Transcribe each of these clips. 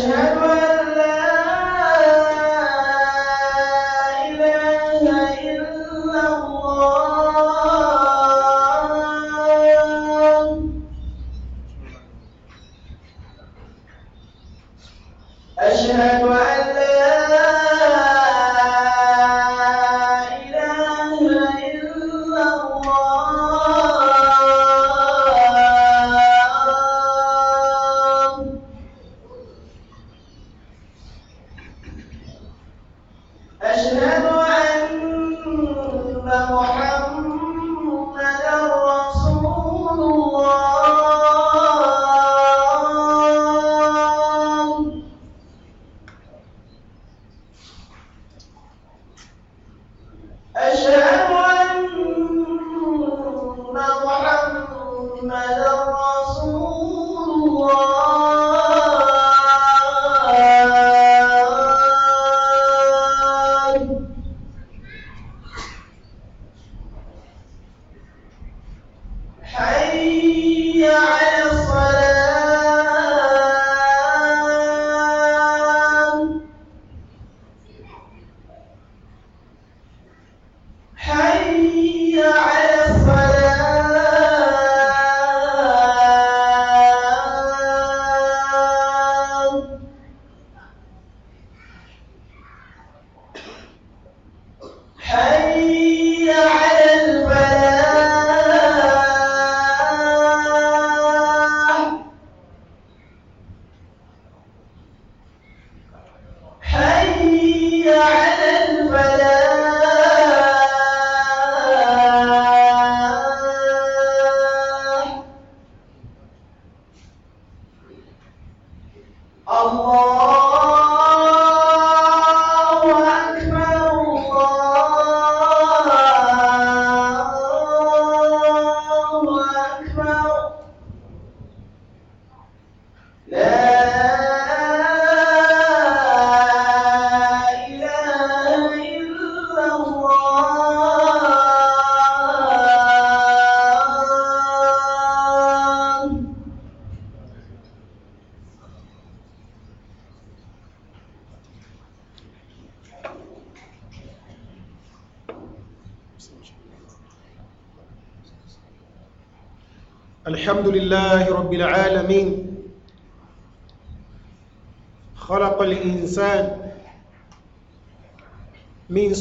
Shabbat.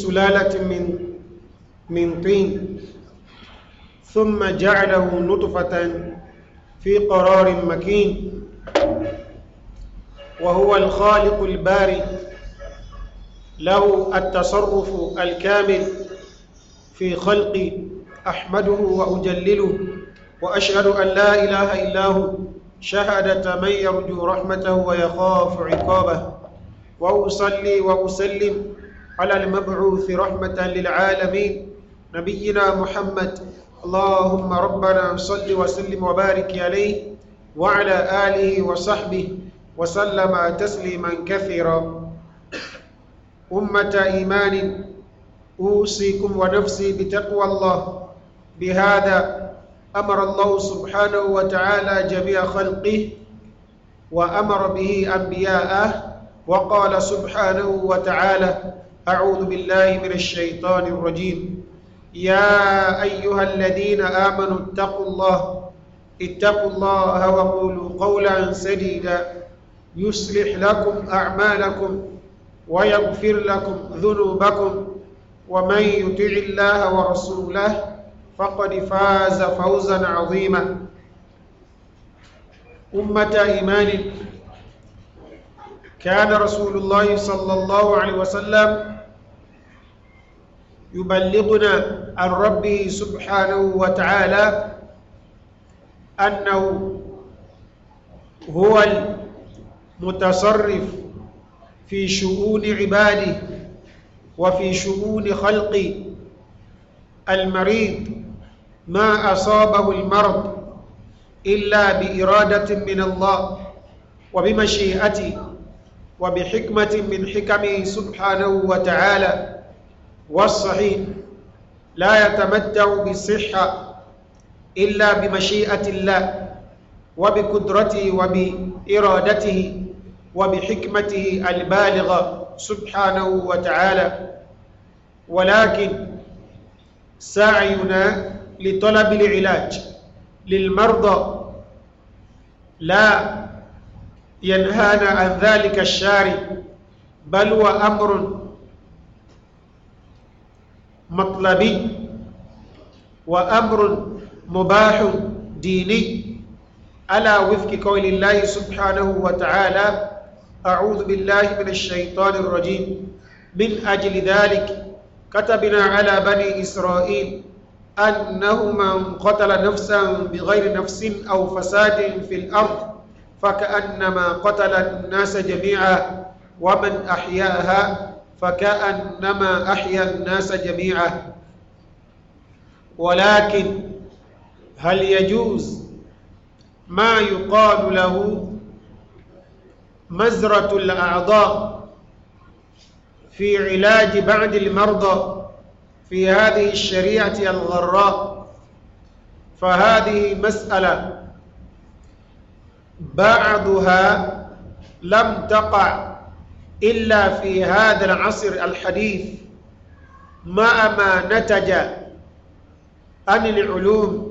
سلالة من من طين ثم جعله نطفة في قرار مكين وهو الخالق البارئ له التصرف الكامل في خلقي أحمده وأجلله وأشهد أن لا إله إلا هو شهادة من يرجو رحمته ويخاف عقابه وأصلي وأسلم على المبعوث رحمة للعالمين نبينا محمد اللهم ربنا صل وسلم وبارك عليه وعلى آله وصحبه وسلم تسليما كثيرا أمة إيمان أوصيكم ونفسي بتقوى الله بهذا أمر الله سبحانه وتعالى جميع خلقه وأمر به أنبياءه وقال سبحانه وتعالى أعوذ بالله من الشيطان الرجيم يا أيها الذين آمنوا اتقوا الله اتقوا الله وقولوا قولا سديدا يصلح لكم أعمالكم ويغفر لكم ذنوبكم ومن يطع الله ورسوله فقد فاز فوزا عظيما أمة إيمان كان رسول الله صلى الله عليه وسلم يبلغنا عن ربه سبحانه وتعالى أنه هو المتصرف في شؤون عباده وفي شؤون خلق المريض ما أصابه المرض إلا بإرادة من الله وبمشيئته وبحكمة من حكمه سبحانه وتعالى والصحيح لا يتمتع بصحة إلا بمشيئة الله وبقدرته وبإرادته وبحكمته البالغة سبحانه وتعالى ولكن سعينا لطلب العلاج للمرضى لا ينهانا عن ذلك الشارع بل هو أمر مطلبي وأمر مباح ديني على وفق قول الله سبحانه وتعالى أعوذ بالله من الشيطان الرجيم من أجل ذلك كتبنا على بني إسرائيل أنه من قتل نفسا بغير نفس أو فساد في الأرض فكأنما قتل الناس جميعا ومن أحياها فكأنما أحيا الناس جميعا ولكن هل يجوز ما يقال له مزرة الأعضاء في علاج بعض المرضى في هذه الشريعة الغراء فهذه مسألة بعضها لم تقع إلا في هذا العصر الحديث مع ما نتج عن العلوم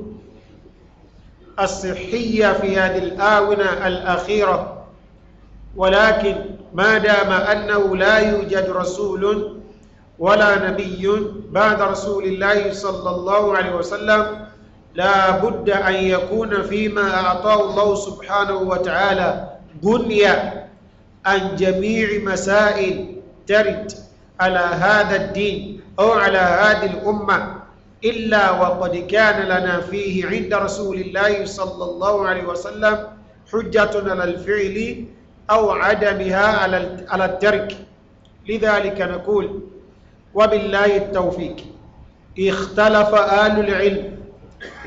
الصحية في هذه الآونة الأخيرة ولكن ما دام أنه لا يوجد رسول ولا نبي بعد رسول الله صلى الله عليه وسلم لا بد أن يكون فيما أعطاه الله سبحانه وتعالى بنية عن جميع مسائل ترد على هذا الدين أو على هذه الأمة إلا وقد كان لنا فيه عند رسول الله صلى الله عليه وسلم حجة على الفعل أو عدمها على الترك لذلك نقول وبالله التوفيق اختلف آل العلم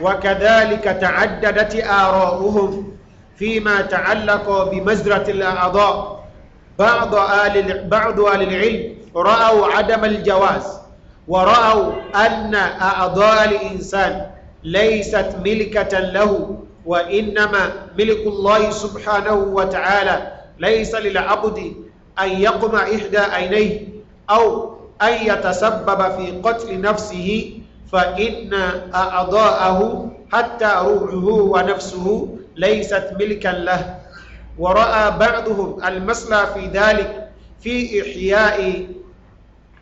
وكذلك تعددت آراؤهم فيما تعلق بمزرة الأعضاء بعض آل بعض أهل العلم رأوا عدم الجواز ورأوا أن أعضاء الإنسان ليست ملكة له وإنما ملك الله سبحانه وتعالى ليس للعبد أن يقم إحدى عينيه أو أن يتسبب في قتل نفسه فإن أعضاءه حتى روحه ونفسه ليست ملكا له ورأى بعضهم المسلى في ذلك في إحياء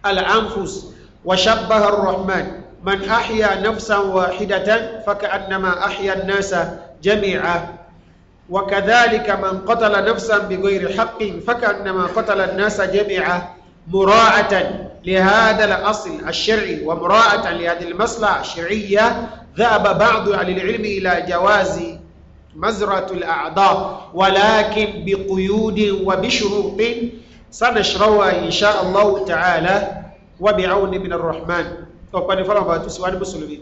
الأنفس وشبه الرحمن من أحيا نفسا واحدة فكأنما أحيا الناس جميعا وكذلك من قتل نفسا بغير حق فكأنما قتل الناس جميعا مراعة لهذا الأصل الشرعي ومراعة لهذه المصلحة الشرعية ذهب بعض أهل العلم إلى جواز مزرعة الأعضاء ولكن بقيود وبشروط سنشرها إن شاء الله تعالى وبعون من الرحمن وقال فرما باتو سواد بسلمي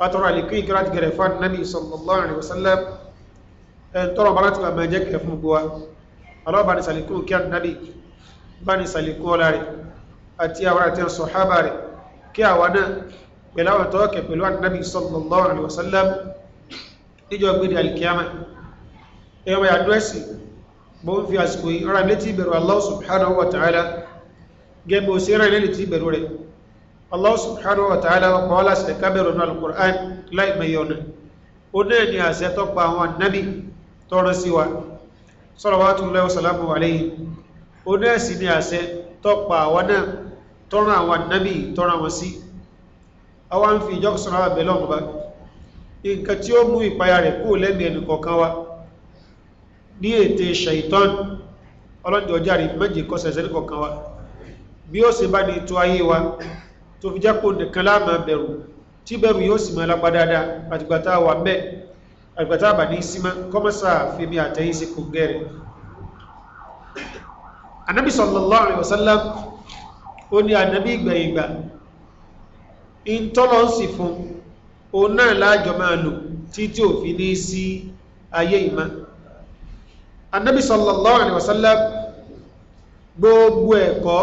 فاترى لكي قرات قرفان النبي صلى الله عليه وسلم ان ترى برات ما جاك يفهم بوا الله بني سالكون كان النبي بني سالكون لاري أتيا وراتي الصحابة كي أوانا بلا وتوكل بلوان النبي صلى الله عليه وسلم níjọ gbèrè alkiyama ẹ̀yọ́ bá yàdúrẹ́sì bó ń fi àsìkò yìí rárá létí ìbẹ̀rù Allah subhanahu wa ta'ala gẹ́gbẹ́ òsì rẹ̀ lẹ́lẹ̀ tí ìbẹ̀rù rẹ̀ Allah subhanahu wa ta'ala ọkọ̀ ọlásẹ̀ kábẹ̀rù náà al-Qur'an láì mẹ́yọ̀nà ó náà ni àṣẹ nǹkan tí ó mú ìpayà rẹ̀ kúrò lẹ́mí ẹnì kọ̀ọ̀kan wa ní ètè ṣàìtọ́n ọlọ́dẹ̀ ọjà rí méje kọsẹ̀sẹ̀ ní kọ̀ọ̀kan wa bí ó sì bá ní ètò ayé wa tó fi jẹ́pò nìkan láàmà bẹ̀rù tí bẹ̀rù yóò sì máa lápá dáadáa àtìgbàtà wà mẹ́ àtìgbàtà bà ní símá sallallahu alaihi wasallam ó ní anábì ìgbẹ̀yìngbà in tọ́lọ́ sì òun náà láàjọ máa lò títí ò fi ní sí ayé ìmá annabi sallallahu alaihi wasallam gbogbo ẹ̀kọ́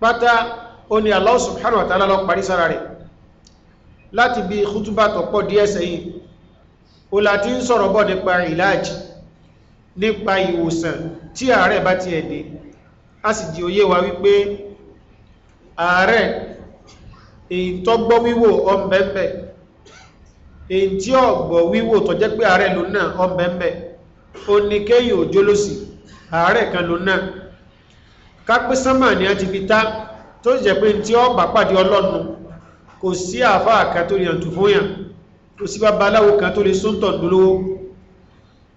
pátá ó ní Allah subhanahu wa ta'ala lọ parí sára rẹ̀ láti bí khutubá tó pọ̀ díẹ̀ sẹ́yìn o láti ń sọ̀rọ̀ bọ́ nípa ìlàjì nípa ìwòsàn tí ààrẹ bá ti ẹ̀dẹ̀ a sì di òye wa wípé ààrẹ èyí wíwò ọmọ bẹ́ẹ̀ èyí tí ọ̀gbọ̀ wíwò tó jẹ́ pé ààrẹ ló náà ọmọbẹ̀mẹ̀ ó ní kéyìn òjò ló sì ààrẹ kan ló náà kápẹ́ sánmà ni a ti fi tá tó jẹ́ pé tí ó bà pàdé ọlọ́nu kò sí àáfàá kan tó lè yàntù fún yàn kò sí babaláwo kan tó lè súntọ̀ lólówó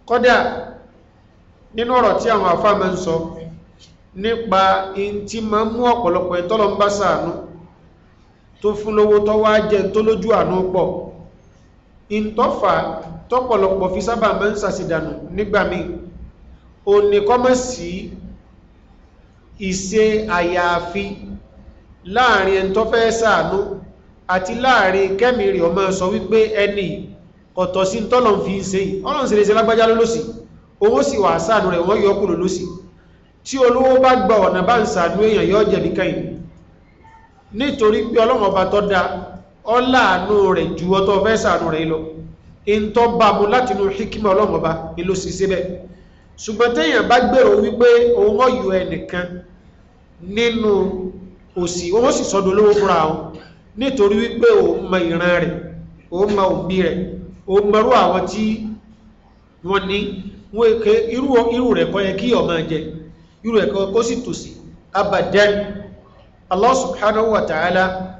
kódà nínú ọ̀rọ̀ tí àwọn àáfàá máa ń sọ nípa in tí máa mú ọ̀pọ̀lọpọ̀ ẹ̀tọ́lọ́ ń tó fún lówó tó wá jẹ tó lójú àánú pọ̀ ìtọ́fà tọ́pọ̀lọpọ̀ fi sábà máa ń sàṣìdànù nígbà míì o ní kọ́mọ̀ sí ìṣe àyàfi láàrin ẹni tó fẹ́ ṣàánú àti láàrin kẹ́mìrì ọmọ sọ wípé ẹni ọ̀tọ̀ sí tọ́lọ̀ fi ń ṣe ọ̀rọ̀ sí lẹ́sẹ̀ lágbájá lólósì owó sì wà ṣàánú rẹ̀ wọ́n yọ kúrò lósì tí olówó bá gba ọ̀nà bá ń ṣàánú èèyàn yọ jẹ̀bi nítorí pé ọlọ́run ọba tó dáa ọláàánú rẹ̀ ju ọtọ́ fẹ́ sàánú rẹ̀ lọ in tó ọlọmọba láti inú hikima ọlọ́mọba ilú sí síbẹ̀ ṣùgbọ́n bá gbèrò wípé òun nínú òsì wọ́n sì sọ́dọ̀ olówó fúnra wọn nítorí wípé òun mọ ìran rẹ̀ òun mọ òbí rẹ̀ òun mọrú àwọn tí irú rẹ̀ kọ́ yẹ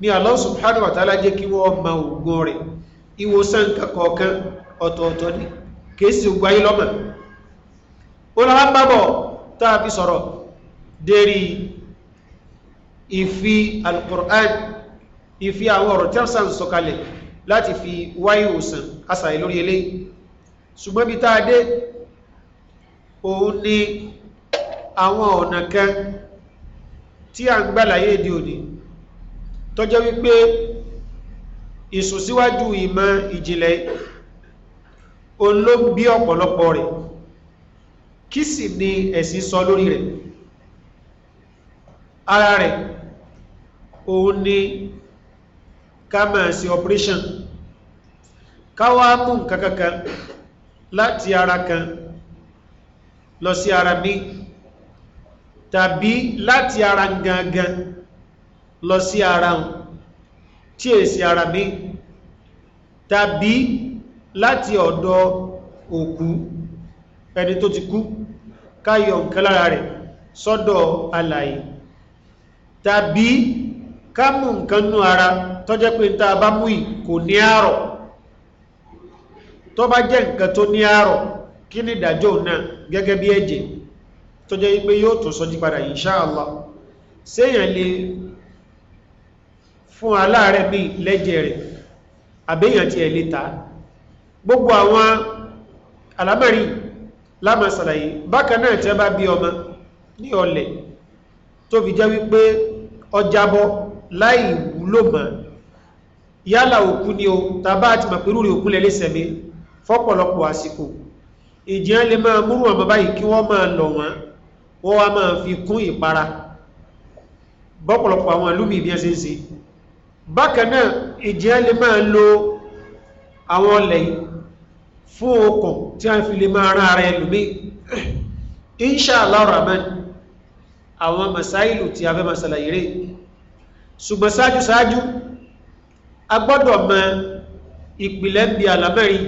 ni Allah subhanahu wa ta'ala jẹ́ kí wọ́n ma ògùn rẹ̀ ìwòsàn kọ̀ọ̀kan ọ̀tọ̀ọ̀tọ̀ ni kèsì ògbà yí lọ́mọ̀ ó lọ́wọ́ ń bábọ̀ táà fi sọ̀rọ̀ dérí ìfi al-Qur'an ìfi àwọn ọ̀rọ̀ tí wọ́n láti fi wá ìwòsàn asàì lórí ilé ṣùgbọ́n bí táa dé òun ni tí a ń gbàlàyé èdè òní tọ́jọ́ wípé ìsòsíwájú ìmọ̀ ìjìnlẹ̀ olóbi ọ̀pọ̀lọpọ̀ rẹ̀ kí sì ni ẹ̀sìn sọ lórí rẹ̀ ara rẹ̀ òun ni ká operation káwá mú nǹkan láti ara kan lọ sí ara mi tàbí láti ara gangan lọ sí ara wọn tí èsì ara mi tàbí láti ọ̀dọ̀ òkú ẹni tó ti kú káyọ̀ nǹkan lára rẹ̀ sọ́dọ̀ alàyè tàbí ká mú nǹkan nú ara tó jẹ́ pé tá a bá mú ì kò ní àrọ̀ tó bá jẹ́ nǹkan tó ní àrọ̀ kí ni ìdájọ́ náà gẹ́gẹ́ bí ẹ̀jẹ̀ tó jẹ́ pé yóò tó sọ́jí padà insha fún aláàrẹ̀ bí lẹ́jẹ̀ rẹ̀ àbẹ́yàn ti ẹ̀ léta gbogbo àwọn alámẹ́rí lámà sàlàyé bákan náà tí bá bí ọmọ ní ọlẹ̀ tó fi jẹ́ wípé ọjàbọ láì wúlò mọ́ yálà òkú ni o tàbá àti màpírù rí òkú lẹ́lẹ́sẹ̀mí fọ́pọ̀lọpọ̀ àsìkò ìjìyàn lè máa múrù ọmọ báyìí kí wọ́n máa lọ wọ́n wọ́n wá máa fi kún ìpara bọ́pọ̀lọpọ̀ àwọn ìlú mi bí ẹ ṣe ń bákanáà ìjẹ́ lè máa lo àwọn ọlẹ̀ fún okùn tí a fi lè máa rán ara ẹlùmí inṣàlá rahman àwọn masáìlù tí a fẹ́ masàlàyé rẹ̀ ṣùgbọ́n sáájú sáájú a gbọ́dọ̀ mọ ìpìlẹ̀ bí alamẹ́rin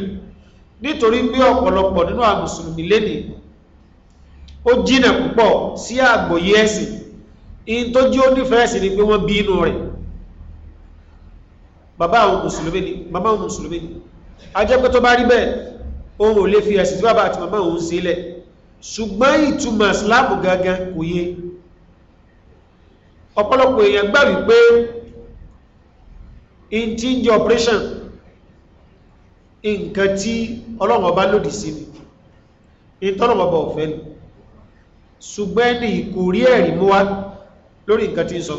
nítorí pé ọ̀pọ̀lọpọ̀ nínú àwọn lénìí ó jìnà púpọ̀ sí àgbòyé ẹ̀sìn in tó jí ó nífẹ̀ẹ́ ni pé wọ́n bí inú rẹ̀ bàbá àwọn mùsùlùmí ni bàbá àwọn mùsùlùmí ni a jẹ́ pé tó bá rí bẹ́ẹ̀ òun ò lè fi ẹ̀sìn tí bàbá àti màmá òun sílẹ̀ ṣùgbọ́n ìtumọ̀ ìsìláàmù gangan kò yé ọ̀pọ̀lọpọ̀ èèyàn gbà wípé in operation nǹkan tí ọlọ́run ọba lòdì sí ni in tọ́lọ́run ọba ọ̀fẹ́ ni ṣùgbọ́n ní kò ẹ̀rí mú wá lórí nǹkan tí ń sọ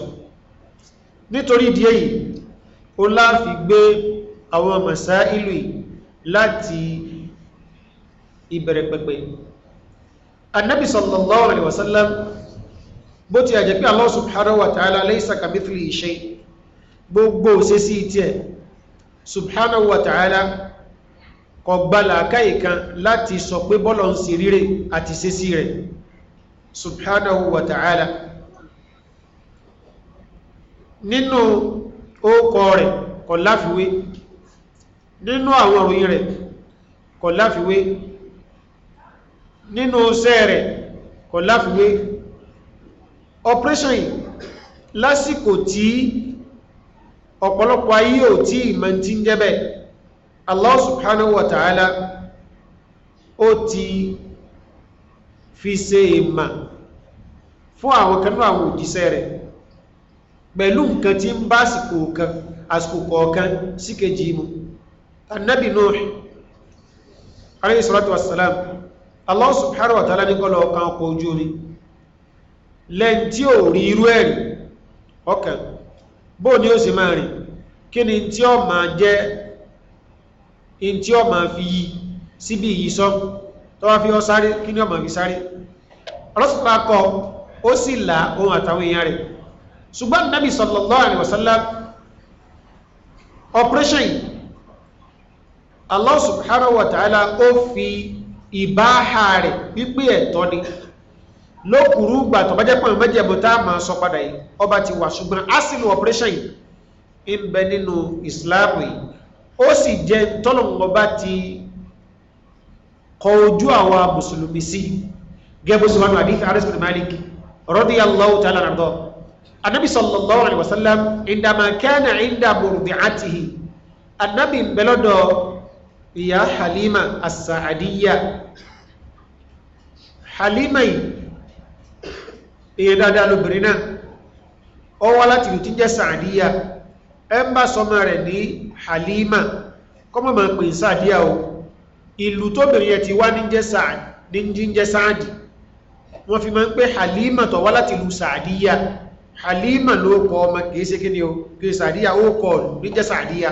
nítorí ìdí èyí ó láàfi gbé àwọn mọ̀sá ìlú láti ìbẹ̀rẹ̀ pẹ̀pẹ̀ annabi sallallahu alaihi wasallam bó ti àjẹ́ pé Allah subhanahu wa ta'ala laysa kamithlihi shay gbogbo ṣe sí ìtì ẹ̀ subhanahu wa ta'ala kò gbà làákàyè kan láti sọ pé bọ́lọ̀ ń sí rírẹ̀ àti ṣe sí rẹ̀ subhanahu wa ta'ala nínú ó kọ rẹ̀ kọ̀ láfiwé nínú àwọn òròyìn rẹ̀ kọ̀ láfiwé nínú iṣẹ́ rẹ̀ kọ̀ operation yìí lásìkò tí ọ̀pọ̀lọpọ̀ ayé ò tí ìmọ̀ tí ń jẹ́bẹ̀ Allah subhanahu wa ta'ala ó ti fi ṣe ìmọ̀ fún àwọn kanú àwọn òjíṣẹ́ rẹ̀ pẹ̀lú nǹkan tí ń bá àsìkò kan àsìkò kọ̀ọ̀kan sí kejì mu annabi nuh alayhi salatu wassalam allah subhanahu wa ta'ala ní kọ́lọ̀ ọkàn ọkọ̀ ojú omi lẹ́yìn tí ò rí irú ẹ̀rí ọkàn bó ni ó sì máa rìn kí ni tí ó máa jẹ́ in tí ó máa fi yí síbi yìí sọ tó wá fi ọ sáré kí ni ó máa fi sáré ọlọ́sùpá kọ ó sì là ohun àtàwọn èèyàn rẹ̀ ṣùgbọ́n nabi sallallahu alaihi wasallam operation Allah subhanahu wa ta'ala ó fi ìbáhà rẹ̀ pípé ẹ̀tọ́ ni lókùrú gbà tó bá jẹ́ pẹ̀lú mẹ́jẹ̀bù tá a máa sọ padà yìí ọba ti wà ṣùgbọ́n asìlù operation yìí ń bẹ nínú Islam yìí ó sì jẹ́ tọ́lọ̀mù ti kọ ojú àwa mùsùlùmí sí gẹ́gbó àdífẹ́ aris Malik radiyallahu ta'ala anhu anabi sallallahu alaihi wasallam indama kana inda murdi'atihi anabi nbelodo ìyá halima asaadiya halima yìí èyí dáadáa lóbìnrin náà ó wá láti lè tíjẹ́ saadiya ẹ ń bá sọmọ rẹ̀ ní halima kọ́mọ̀ máa pè saadiya o ìlú tóbìnrin yẹn ti wá ní jẹ́ saadi wọ́n fi máa ń pè halima tó wá láti saadiya halima ló kọ ọmọ kìí ṣe kí ni o kìí sàdíyà ó kọ ọ̀nù ní jẹ́ sàdíyà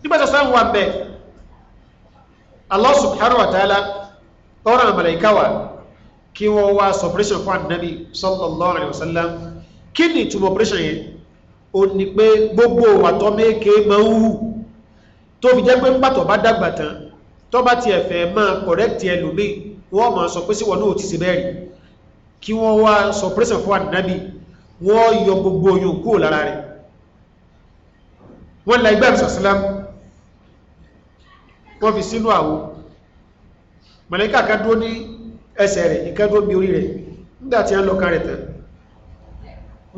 nígbàtà sáwọn wà bẹ̀ Allah subhanahu wa ta'ala ọ̀rọ̀ àmàlẹ̀káwà kí wọ́n wá sọpẹ́ṣẹ̀ fún ànábì sallallahu alaihi wasallam kí ni ìtumọ̀ pẹ́ṣẹ̀ yẹn o ní pé gbogbo wàtọ́ méèké máa ń wù tó fi jẹ́ pé ń pàtọ̀ wọ́n máa sọ pé sí wọn náà wọ́n yọ gbogbo oyún kúrò lára rẹ̀ wọ́n la igbá ìsọ̀sílám wọ́n fi sínú àwo mọ̀lẹ́kà kan dúró ní ẹsẹ̀ rẹ̀ ìkan dúró bí orí rẹ̀ nígbàtí wọ́n lọ́ka rẹ̀ tán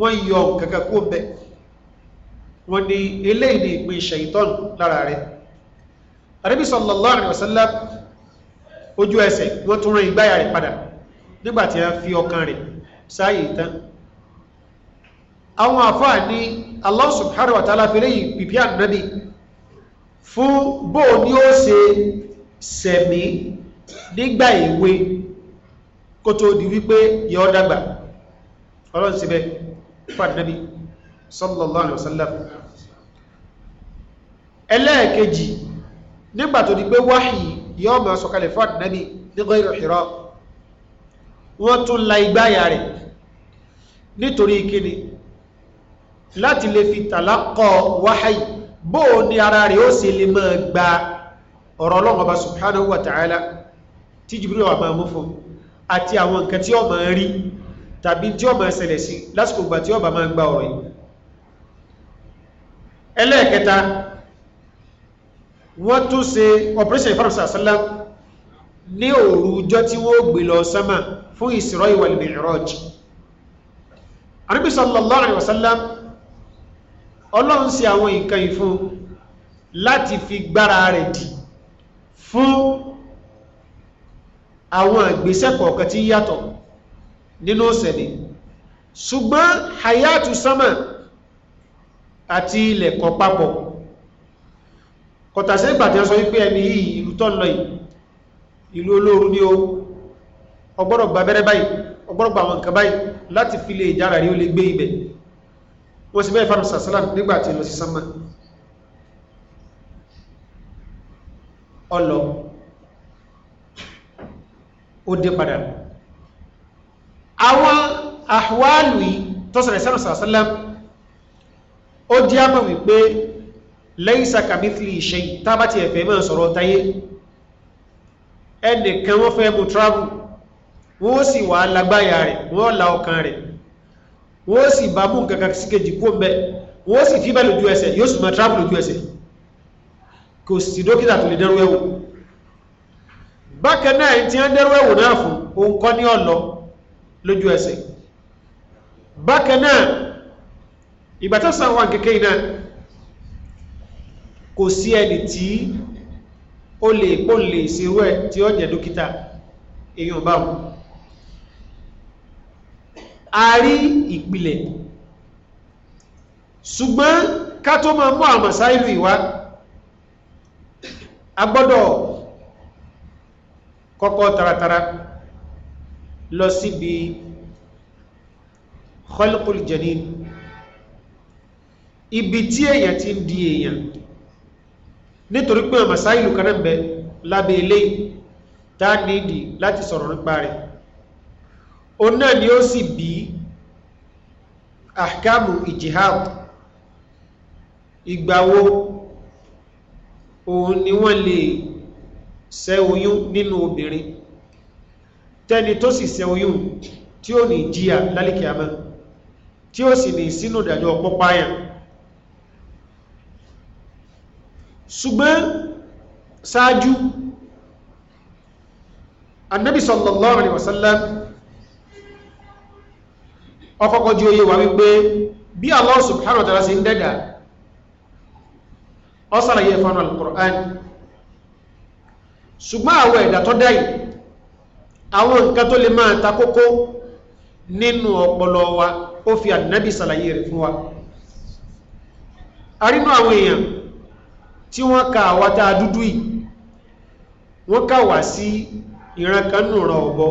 wọ́n yọ kankan kó bẹ wọ́n ni ilé ìní ìpín ṣẹ̀yìtọ́n lára rẹ̀ ànábì sallallahu alaihi ojú ẹsẹ̀ wọ́n tún rán ìgbáyà rẹ̀ padà nígbàtí wọ́n fi ọkàn rẹ̀ sáyè tán àwọn àfáà ní Allah subhanahu wa ta'ala fẹ́rẹ́ yìí pìpí ànábì fún bó ní ó ṣe sẹ̀mí nígbà èwe kó tó di wípé yọ́ dàgbà ọlọ́run síbẹ̀ fún ànábì sallallahu alaihi wasallam ẹlẹ́ẹ̀kejì nígbà tó di pé wáhì yọ́ láti lè fi tàlákọ̀ wáháyì bó ní ara rẹ̀ ó sì lè máa gba ọ̀rọ̀ ọlọ́run ọba subhanahu wa ta'ala tí Jibril wà máa mú fún àti àwọn nǹkan tí ó máa rí tàbí tí ó máa ṣẹlẹ̀ sí lásìkò ìgbà tí ó bá máa gba ọ̀rọ̀ yìí ẹlẹ́ẹ̀kẹta wọ́n tún ṣe operation ìfàrùsà sálám ní òru ọjọ́ tí wọ́n gbé lọ sánmà fún Isra wal Mi'raj Ànábì sallallahu alaihi ọlọ́run ṣe àwọn nǹkan ìfún láti fi gbára rẹ̀ dì fún àwọn àgbésẹ̀ kọ̀ọ̀kan tí yàtọ̀ nínú ọ̀sẹ̀lẹ̀ ṣùgbọ́n hayatu sama àti ilẹ̀ kọ papọ̀ kọ̀tàṣẹ́ ìgbàtí wọ́n sọ wípé ẹni yìí ìlú tọ́ lọ yìí ìlú olóoru ní o ọgbọ́dọ̀ gba abẹ́rẹ́ báyìí ọgbọ́dọ̀ gba àwọn báyìí láti fi lè jára rí ó lè gbé ibẹ̀ ó sì bẹ́ẹ̀ fàmì sàsálàm nígbà tí lọ sí sánmà ọlọ ó dé padà àwọn àwálù yìí tó sọ̀rọ̀ sánà sàsálàm ó jẹ́ àmà wípé lẹ́yìnsà kàmífìlì ìṣe tábàtì ẹ̀fẹ́ mọ́ sọ̀rọ̀ táyé ẹnìkan wọ́n fẹ́ mú travel wọ́n sì wà lágbáyà rẹ̀ wọ́n la ọkàn rẹ̀ wọ́n sì bá mú nǹkan kàkì síkejì kó mẹ́ wọ́n sì fíbẹ̀ lójú ẹsẹ̀ yóò sì mọ̀ travel lójú ẹsẹ̀ kò sì dókítà tó lè dẹ́rù ẹ̀wò bákan náà tí wọ́n dẹ́rù ẹ̀wò náà fún òun kọ́ ní ọ̀lọ́ lójú ẹsẹ̀ bákan náà ìgbà tó sàn wà kékeré náà kò sí a rí ìpìlẹ̀ ṣùgbọ́n ká tó máa mú àmàsáìlú ìwá a kọ́kọ́ taratara lọ síbi khalqul janin ibi tí èyàn ti ń di èyàn nítorí pé àmàsáìlú kan náà ń bẹ lábẹ́ eléyìí tá nídìí láti sọ̀rọ̀ nípa rẹ̀ òun náà ni ó sì bíi ahkamu ijihad ìgbàwo òun ni wọ́n lè ṣẹ́ oyún nínú obìnrin tẹ́ni tó sì ṣẹ́ oyún tí ó ní jíyà lálìkì àmọ́ tí ó sì ní sínú ìdájọ́ pọ́páyàn ṣùgbọ́n ṣáájú annabi sallallahu alaihi wasallam ọkọ̀kọ́ jí oyé wà wípé bí Allah subhanahu wa ta'ala sí ń dẹ́dà ọ sàràyẹ fánà al-Qur'an ṣùgbọ́n àwọn ẹ̀dà tó dáì àwọn nǹkan tó lè máa ta kókó nínú ọpọlọ wa ó fi ànábì sàlàyé rẹ̀ fún wa arínú àwọn èèyàn tí wọ́n ka àwátá dúdú yìí wọ́n kà wá sí ìran kanú ọ̀bọ̀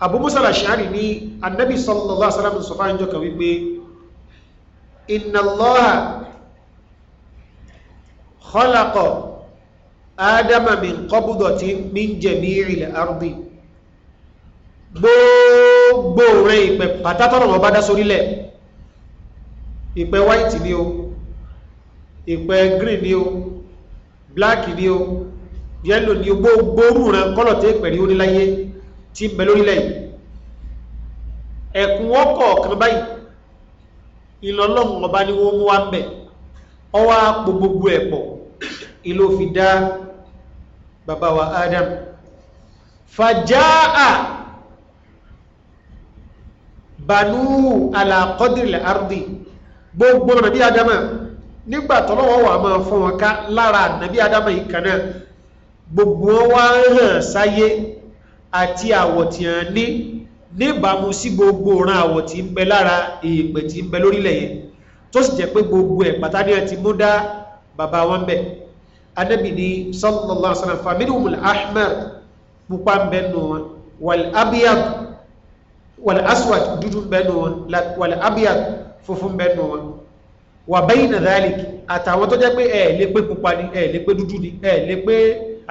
Abu Musa al-Ash'ari ní annabi sallallahu alaihi wasallam sọ fáyín jọka wípé inna Allaha khalaqa adama min qabdatin min jami'il ardi gbogbo rẹ̀ ìpẹ̀ pàtàtọ̀rọ̀ wọn bá dá sórílẹ̀ ìpẹ̀ white ni o ìpẹ̀ green ni o black ni o yellow ni o gbogbo rẹ̀ kọ́lọ̀ tí ìpẹ̀ rí ó tí ń bẹ lórílẹ̀ yìí ẹ̀kún ọkọ̀ kan báyìí ìlọlọ́run ọba ni wọ́n mú wá ń bẹ̀ ọwọ́ àpò gbogbo ẹ̀pọ̀ ìlò fi dá bàbá wa Adam fàjáà bànú àlàkọ́dìrìlẹ̀ ardi gbogbo nàbí Adama nígbà tọ́lọ́wọ́ wà máa fún wọn ká lára nàbí Adama ìkànnà gbogbo wọn wá hàn sáyé àti àwọ̀ tí a ní níbàmú sí gbogbo ran àwọ̀ tí ń bẹ lára èèpẹ̀ tí ń bẹ lórílẹ̀ yẹn tó sì jẹ́ pé gbogbo ẹ̀ pàtàkì àti mú dá bàbá wọn bẹ̀ anábì ní sallallahu alaihi wasallam faminhumul ahmar pupa ń bẹ nù wọn wal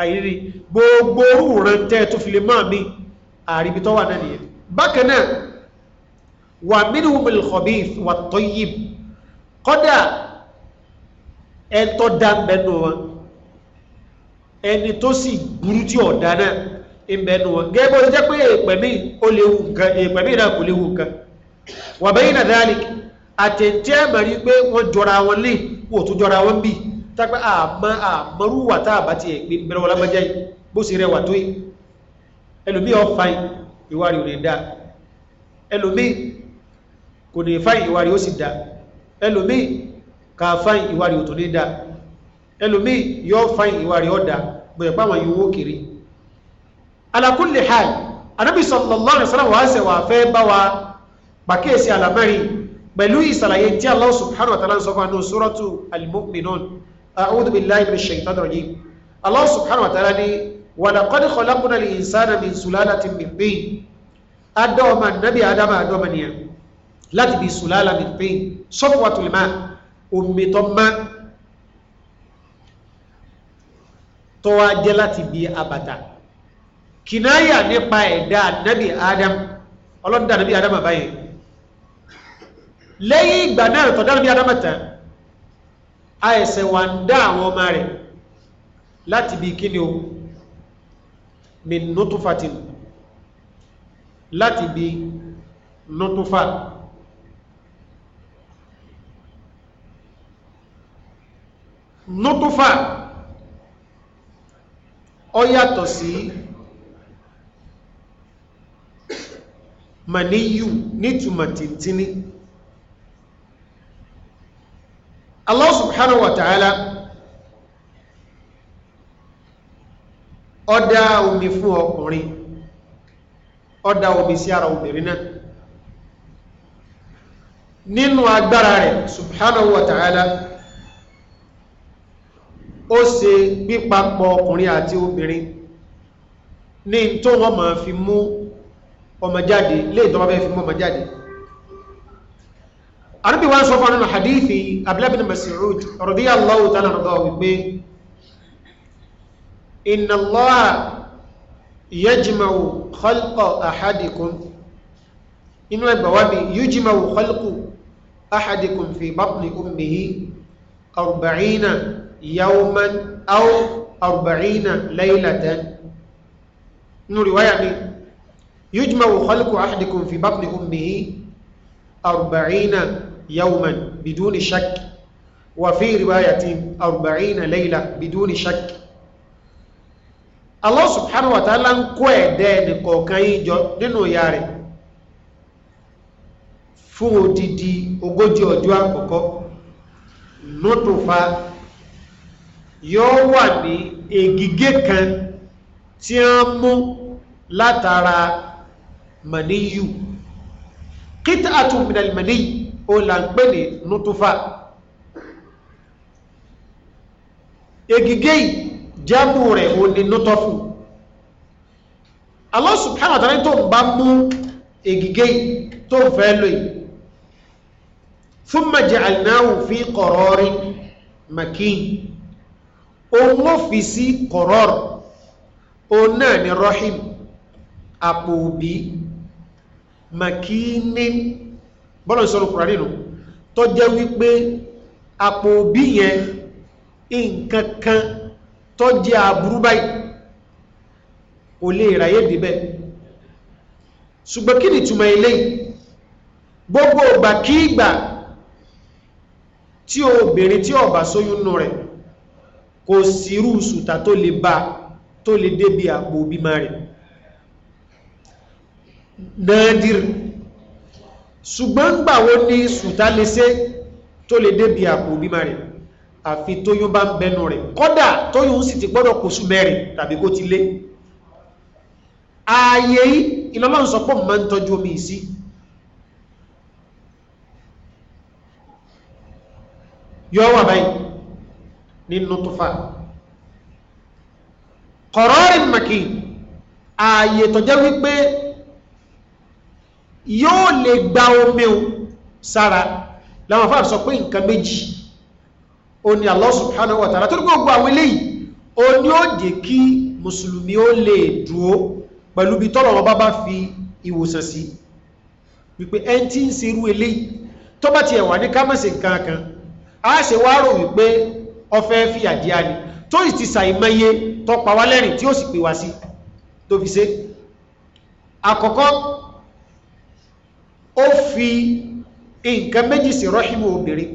àìrírí gbogbo orú rẹ̀ tẹ́ tó fi lè máa mi àríbi tó wà náà nìyẹn bákan náà wà mínú mìlìkọ̀bí wà tó yí kọ́dà ẹ̀tọ́ dá mẹ́nu wọn ẹni tó sì burú tí ọ̀dá náà ìmẹ́nu wọn gẹ́gẹ́ jẹ́ pé èpẹ̀mí náà kò lè nǹkan wà bẹ́yìn náà dáálì mẹ́rin pé wọ́n jọra wọn lè wò tó jọra wọn bíi tápẹ́ àmọ́ àmọ́rúwà táàbá ti ẹ̀gbẹ́ bẹ̀rẹ̀ wọ́n lágbàjá yìí bó sì rẹwà tó yìí ẹlòmí ọ̀fàì ìwárí rẹ̀ dáa ẹlòmí kò ní fàì ìwárí ó sì dáa ẹlòmí kàfàì ìwárí ò tó ní dáa ẹlòmí yóò fàì ìwárí ọ̀dà bẹ̀rẹ̀ páwọn yóò kiri sallallahu alaihi wasallam wàásẹ̀ wà fẹ́ wa pàkíyèsí àlàmẹ́rin pẹ̀lú ìsàlàyé tí Allah subhanahu wa ta'ala ń sọ suratu al-mu'minun أعوذ بالله من الشيطان الرجيم الله سبحانه وتعالى ولقد خلقنا الإنسان من سلالة من طين أدوم النبي آدم أدوم نيا láti bí sùlálà mi pé sọ́pọ̀tùlmá omi tó má tó wá jẹ́ láti bí abàtà kìnáyà nípa ẹ̀dá nábi adam ọlọ́dún nábi adam àbáyé lẹ́yìn ìgbà náà tọ́dá nábi adam tán a ẹ̀sẹ̀ wà ń dá àwọn ọmọ rẹ̀ láti bí kíni o min nutufatin láti bí nutufa nutufa ó yàtọ̀ sí maniyu nítumọ̀ tìntínní. subhanahu wa ta'ala ọdá omi fún ọkùnrin ọdá omi sí ara obìnrin náà nínú agbára rẹ̀ subhanahu wa ta'ala ó ṣe pípapọ̀ ọkùnrin àti obìnrin ní tó wọ́n ma fi mú ọmọ jáde lè tọ́wọ́ fẹ́ fi mú ọmọ jáde àrùbí wọ́n sọ fún ọ̀nà hadithi abúlẹ́bìn mas'ud radiyallahu ta'ala rọ̀dọ̀ wípé inna Allah yajma'u khalqa ahadikum inú ẹgbàwábi yujma'u khalqu ahadikum fi batni ummihi arba'ina yawman aw arba'ina laylatan nínú riwaya mi yujma'u khalqu ahadikum fi batni ummihi arba'ina يوما بدون شك وفي رواية أربعين ليلة بدون شك Allah subhanahu wa ta'ala ń kó ẹ̀dẹ́ nìkọ̀ọ̀kan ìjọ nínú ìyá rẹ̀ fún odidi ogójì ọjọ́ àkọ́kọ́ nótòfà yóò wà ní egigé kan tí a ń mú látara maniyu kítà àtúnmìnà maniyu ó là ń pè ní nútúfà egige yìí jábù rẹ̀ ó ní nútọ́fù Allah subhanahu wa ta'ala tó ń bá mú egige tó fẹ́ lò yìí thumma ja'alnahu fi qararin makin òun ló fi sí qarar òun náà ni rahim àpò òbí makinin bọ́lọ̀ ìṣọ́rọ̀ kùrà nínú tó jẹ́ wípé àpò òbí yẹn nǹkan kan tó jẹ́ àbúrú báyìí kò lè ráyé dìbẹ̀ ṣùgbọ́n kí ni túnmọ̀ ilé gbogbo ìgbà kí ìgbà tí obìnrin tí ọ̀bà sóyún nù rẹ̀ kò sírú sùtà tó lè bá tó lè débi àpò òbí máa rẹ̀ nàádìrì ṣùgbọ́n gbà wo ní sùtá lè ṣe tó lè débi àpò bímá rẹ̀ àfi tóyún bá ń bẹnu rẹ̀ kọ́dà tóyún sì ti gbọ́dọ̀ kò súnmẹ́rin tàbí kó ti lé ààyè ìlọ́lọ́run sọ ń tọ́jú omi sí yọ báyìí nínú tó fà kọ̀rọ̀rìn màkì ààyè tọ́jẹ́ wípé yóò lè gba omi o sára láwọn fáà sọ pé nǹkan méjì o ni Allah subhanahu wa ta'ala tó ní gbogbo àwọn eléyìí o ní ó jẹ́ kí mùsùlùmí ó lè dúó pẹ̀lú bí tọ́lọ̀ wọn bá bá fi ìwòsàn sí wípé ẹn tí ń serú eléyìí tó bá ti ẹ̀wà ní kámẹ́sì kankan a ṣe wá rò wípé ọfẹ́ fi àdíá ni tó ti sàìmọye tọpa wá lẹ́rìn tí ó sì pè wá sí tó fi ṣe àkọ́kọ́ ó fi nǹkan méjì sí rọ́ṣìmù obìnrin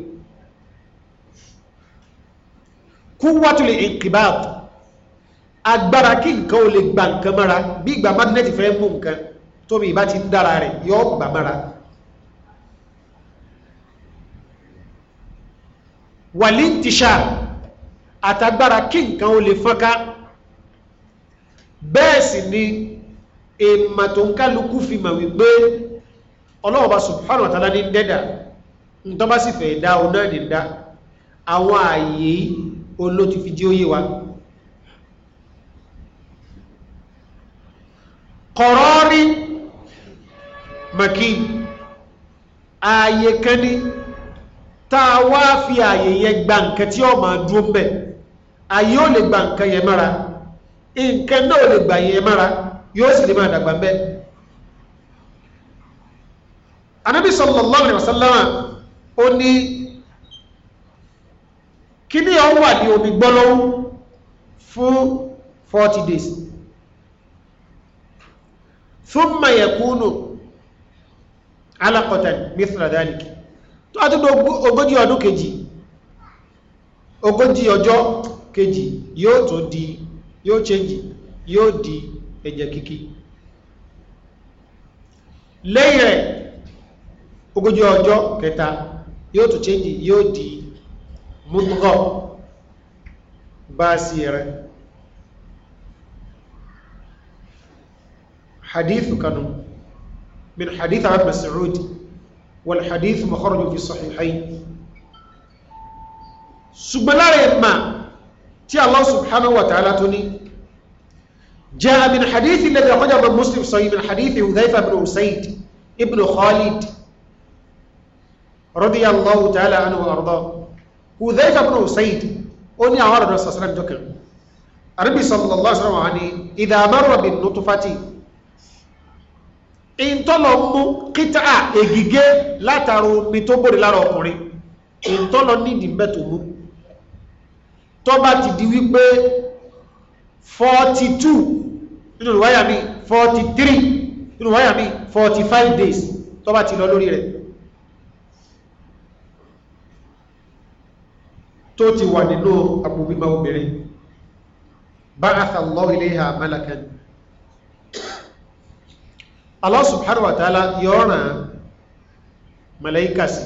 kú wátulè ìkìbáàb agbára kí nǹkan ó lè gba nǹkan mara bí ìgbà magneti fẹ́ mú nǹkan tómi ìbá ti ń dára rẹ̀ yọ́ gbà mara wàlí ti ṣà àtagbára kí nǹkan ó lè fọ́nká bẹ́ẹ̀ sì ni èèmà tó ń kálukú fi mà wípé ọlọ́ọ̀bá subhanahu wa ta'ala ní dẹ́dà tó bá sì fẹ́ dá o náà àwọn ààyè oló fi jí ó wa kọ̀rọ́rí maki ààyè kan ní táa wá fi ààyè yẹn gba nǹkan tí ọ máa dúró mbẹ̀ ààyè ó lè gba nǹkan yẹn mára nǹkan náà lè gbà yẹn mára yóò sì lè máa dàgbà mbẹ̀ anabi sallallahu alaihi wasallam ó ní kíní ọ wà ní omi gbọ́lọ́wọ́ fún 40 days thumma yakunu alaqatan mithla dhalika tó a tún ogójì ọdún kejì ogójì ọjọ́ kejì yóò tó di yóò change yóò di ẹ̀jẹ̀ kíkí lẹ́yìn ogójì ọjọ́ kẹta yóò tún change yóò di mudghah bá sí rẹ̀ hadithu kanu min hadith Ibn Mas'ud wal hadith mọ̀kọ́rọ̀ fi sahihayn ṣùgbọ́n lára ẹ̀mà tí Allah subhanahu wa ta'ala tó ní جاء من حديث الذي أخرجه ابن مسلم صحيح من حديث حذيفة بن أسيد ابن خالد رضي الله تعالى عنه وارضاه وذيك بن سيد اني اعرض الرسول صلى الله عليه وسلم النبي صلى الله عليه وسلم عني اذا مر بالنطفه in tó lọ mú kíta ègìgé látàrí omi tó bòrè lára ọkùnrin in tó lọ nídìí mẹ́ tó mú tó bá ti di wípé 42 nínú ìwáyà mi 43 nínú ìwáyà mi 45 days tó bá ti lọ lórí rẹ̀ tó ti wà nínú àpòbímọ obìnrin ba'atha Allahu ilayha malakan Allah subhanahu wa ta'ala yọ́ràn malaikasi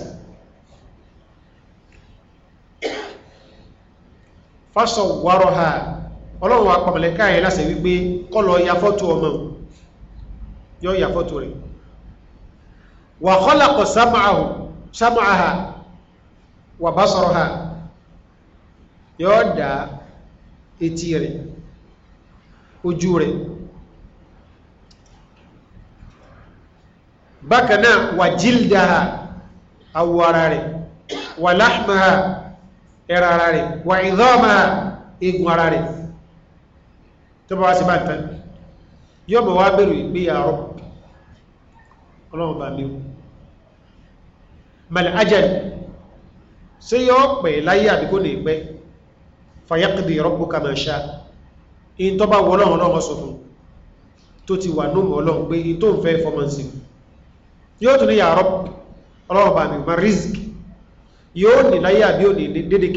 fasawwaraha ọlọ́run apàmàlẹ́ká ẹ̀ láṣẹ wípé kọlọ ya fọ́tò ọmọ yọ ya fọ́tò rẹ̀ wa khalaqa sam'ahu sam'aha wa basaraha yóò dá etí rẹ̀ ojú rẹ̀ bákanáà wà jíldáha awọ ara rẹ̀ wà láhmáha ẹ̀rà ara rẹ̀ wà ìdọ́máha egun ara rẹ̀ tó bá wá sí bá tán yóò mọ̀ wá bẹ̀rù ìgbéyàwó ọlọ́run bá mi mẹ́lẹ̀ ajẹ́ sí yóò pẹ̀ láyé àbíkó ní fàyàkìdì rọ́pùkà máa ṣá in tó bá wọ́lọ́run lọ́wọ́ sọ fún tó ti wà ní ọlọ́run pé in tó ń fẹ́ fọmọ́nsì yóò tún ní yà rọ́p ọlọ́run bá mi máa rizk yóò ní láyé àbí òní dédé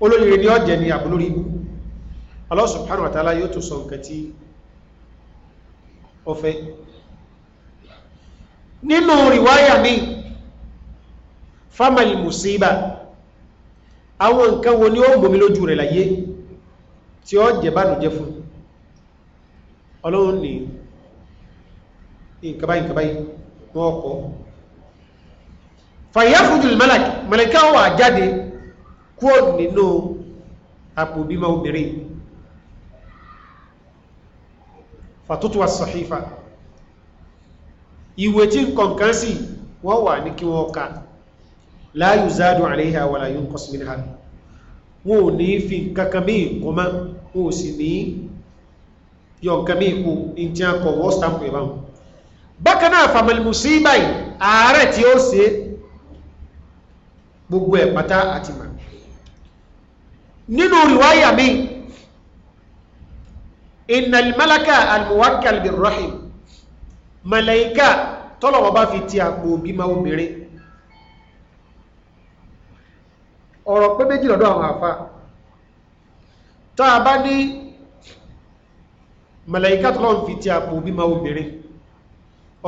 ni ọjẹ́ ni àbúlórí ibú Allah subhanahu wa yóò tó sọ nǹkan tí ó nínú rìwáyà mi famal musiba àwọn nǹkan wo ni ó gbomi lójú rẹ̀ láyé tí ó jẹ bánújẹ́ fún ọlọ́run ní ìkàbáyì ìkàbáyì wọ́n ọkọ̀ fàyàfùdù mẹ́lẹ̀kì mẹ́lẹ̀kì àwọn àjáde kúrò nínú àpò bímọ obìnrin fàtútù wa sọ̀hífà ìwé tí kọ̀ǹkan sí wọ́n wà ní kí wọ́n ka la yuzadu alayha wala yunqas minha wọn ò ní fi kankan mí kọmá wọn ò sì ní yọ nǹkan mí kú in tí a kọ̀ wọ́n stamp ìbá wọn bákan náà famal ààrẹ tí ó ṣe gbogbo ẹ̀ pátá àti mà nínú riwaya mi innal malaka al rahim màláíkà tọ́lọ̀wọ́ bá fi ti àpò òbí ma obìnrin ọ̀rọ̀ pé méjì lọ́dọ̀ àwọn àfá tá a bá ní màláíkà tọ́lọ̀wọ́ fi ti àpò òbí obìnrin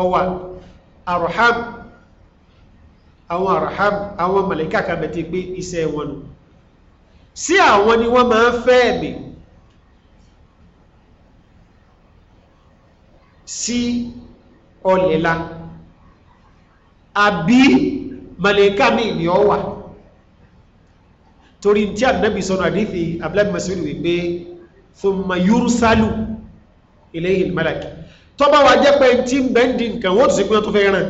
ọwà arham àwọn arham àwọn màláíkà kan bẹ̀ ti pé iṣẹ́ wọn nù sí àwọn ni wọ́n máa ń fẹ́ ẹ̀mí sí ọlẹ́la àbí màlẹ́kà mi ni ọ wà torí tí ànábì sọ́nà àdífi abúlábì masoori wípé thumma yursalu ilayhi al-malak tó bá wà jẹ́ pé tí ń bẹ́ ń di nǹkan wọ́n tó sì pín tó fẹ́ ràn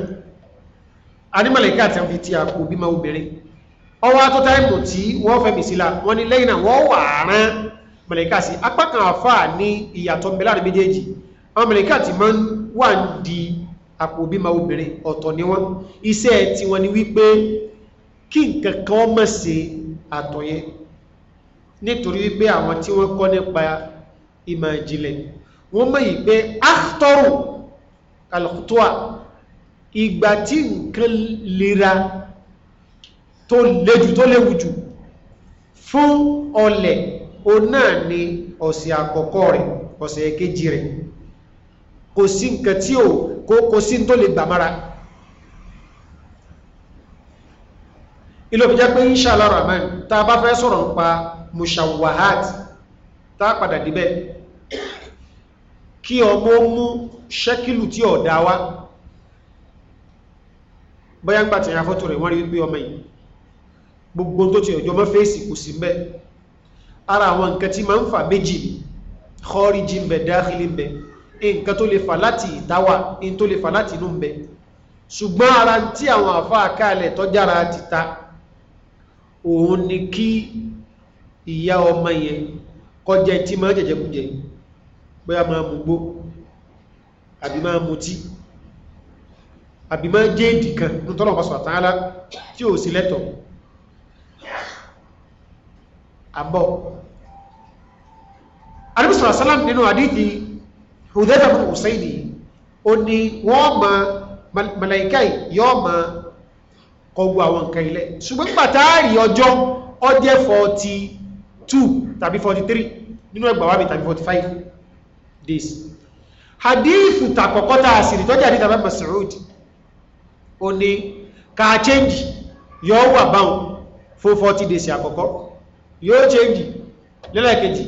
a ní màlẹ́kà àti àfi ti àkó bí máa obìnrin ọwọ́ tó táìmù tí wọ́n fẹ́ mi sílá wọ́n ní lẹ́yìn náà wọ́n wà rán màlẹ́kà sí apá kan àfà ní ìyàtọ̀ mẹ́láàrin méjèèjì àwọn màlẹ́kà ti máa wà ń di àpòbímọ obìnrin ọ̀tọ̀ ni wọ́n iṣẹ́ tí wọ́n ni wípé kí nǹkan kan mọ̀ sí àtọ̀ yẹn nítorí wípé àwọn tí wọ́n kọ́ nípa ìmọ̀ ìjìnlẹ̀ wọ́n mọ̀ yìí pé áàtọ̀rù kàlùkùtùà ìgbà tí nǹkan lera tó léjù tó léwu jù fún ọlẹ̀ o náà ni ọ̀sẹ̀ àkọ́kọ́ rẹ̀ ọ̀sẹ̀ kejì rẹ̀ kò sí nǹkan tí ò kó kó sí tó lè gbàmára ilé òfin jẹ́ pé inshallah rahman tá a bá fẹ́ sọ̀rọ̀ nípa mushawahat tá a padà débẹ̀ kí ọmọ mú ṣẹ́kìlù tí ọ̀dá wá bọ́yá ń gbà fọ́tò rẹ̀ wọ́n rí wípé ọmọ yìí gbogbo tó ti ọjọ́ mọ́ fèsì kò sí mẹ́ ara àwọn nǹkan tí ma ń fà méjì ni kọ́rí jí ń nǹkan tó lè fà láti ìtawà in tó lè fà láti inú mbẹ ṣùgbọ́n ara tí àwọn àfáà káàlẹ̀ tọ́jára ti ta òun ni kí ìyá ọmọ yẹn kọjẹ tí máa jẹjẹkújẹ bóyá máa mú gbó àbí máa mú tí àbí máa jẹ́ èdì kan ní pàṣọ àtàrà tí ò sí lẹ́tọ̀ àbọ̀ àdúgbò sọ̀rọ̀ nínú àdíjì Hudhayfa fún Hùsẹ́ìnì ó ní wọ́n ma màláìkáì yọ́ ma kọgbọ́ àwọn nǹkan ilẹ̀ ṣùgbọ́n pàtàrí ọjọ́ ọjẹ́ 42 tàbí 43 nínú ẹgbàwàbí tàbí 45 days hadithu takọ̀kọ́ta àsìrì tọ́jà ní tàbí Mas'ud ó ní ka change yọ́ wà báhùn fún 40 days àkọ́kọ́ yóò change lẹ́lẹ́kejì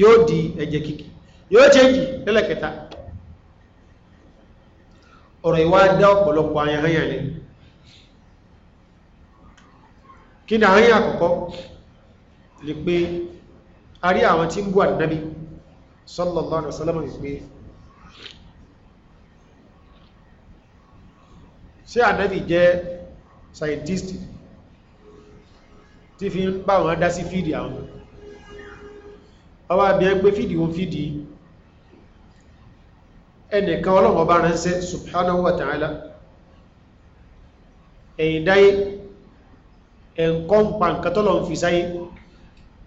yóò di ẹ̀jẹ̀ kìkì yóò change lẹ́lẹ̀kẹta ọ̀rọ̀ ìwá dá ọ̀pọ̀lọpọ̀ ayẹyẹ ni kí ni àárín àkọ́kọ́ lè pé a rí àwọn tí ń bú ànábì sallallahu alaihi wasallam pé ṣé ànábì jẹ́ scientist tí fi ń bá wọn dá sí fídì àwọn ọwọ́ àbí ẹgbẹ́ fídì wọn fídì yìí ẹnìkan ọlọ́wọ́ bá ránṣẹ́ subhanahu wa ta'ala ẹ̀yìn dáyé ẹ̀ǹkọ́ ń pa nǹkan tọ́lọ̀ ń fi sáyé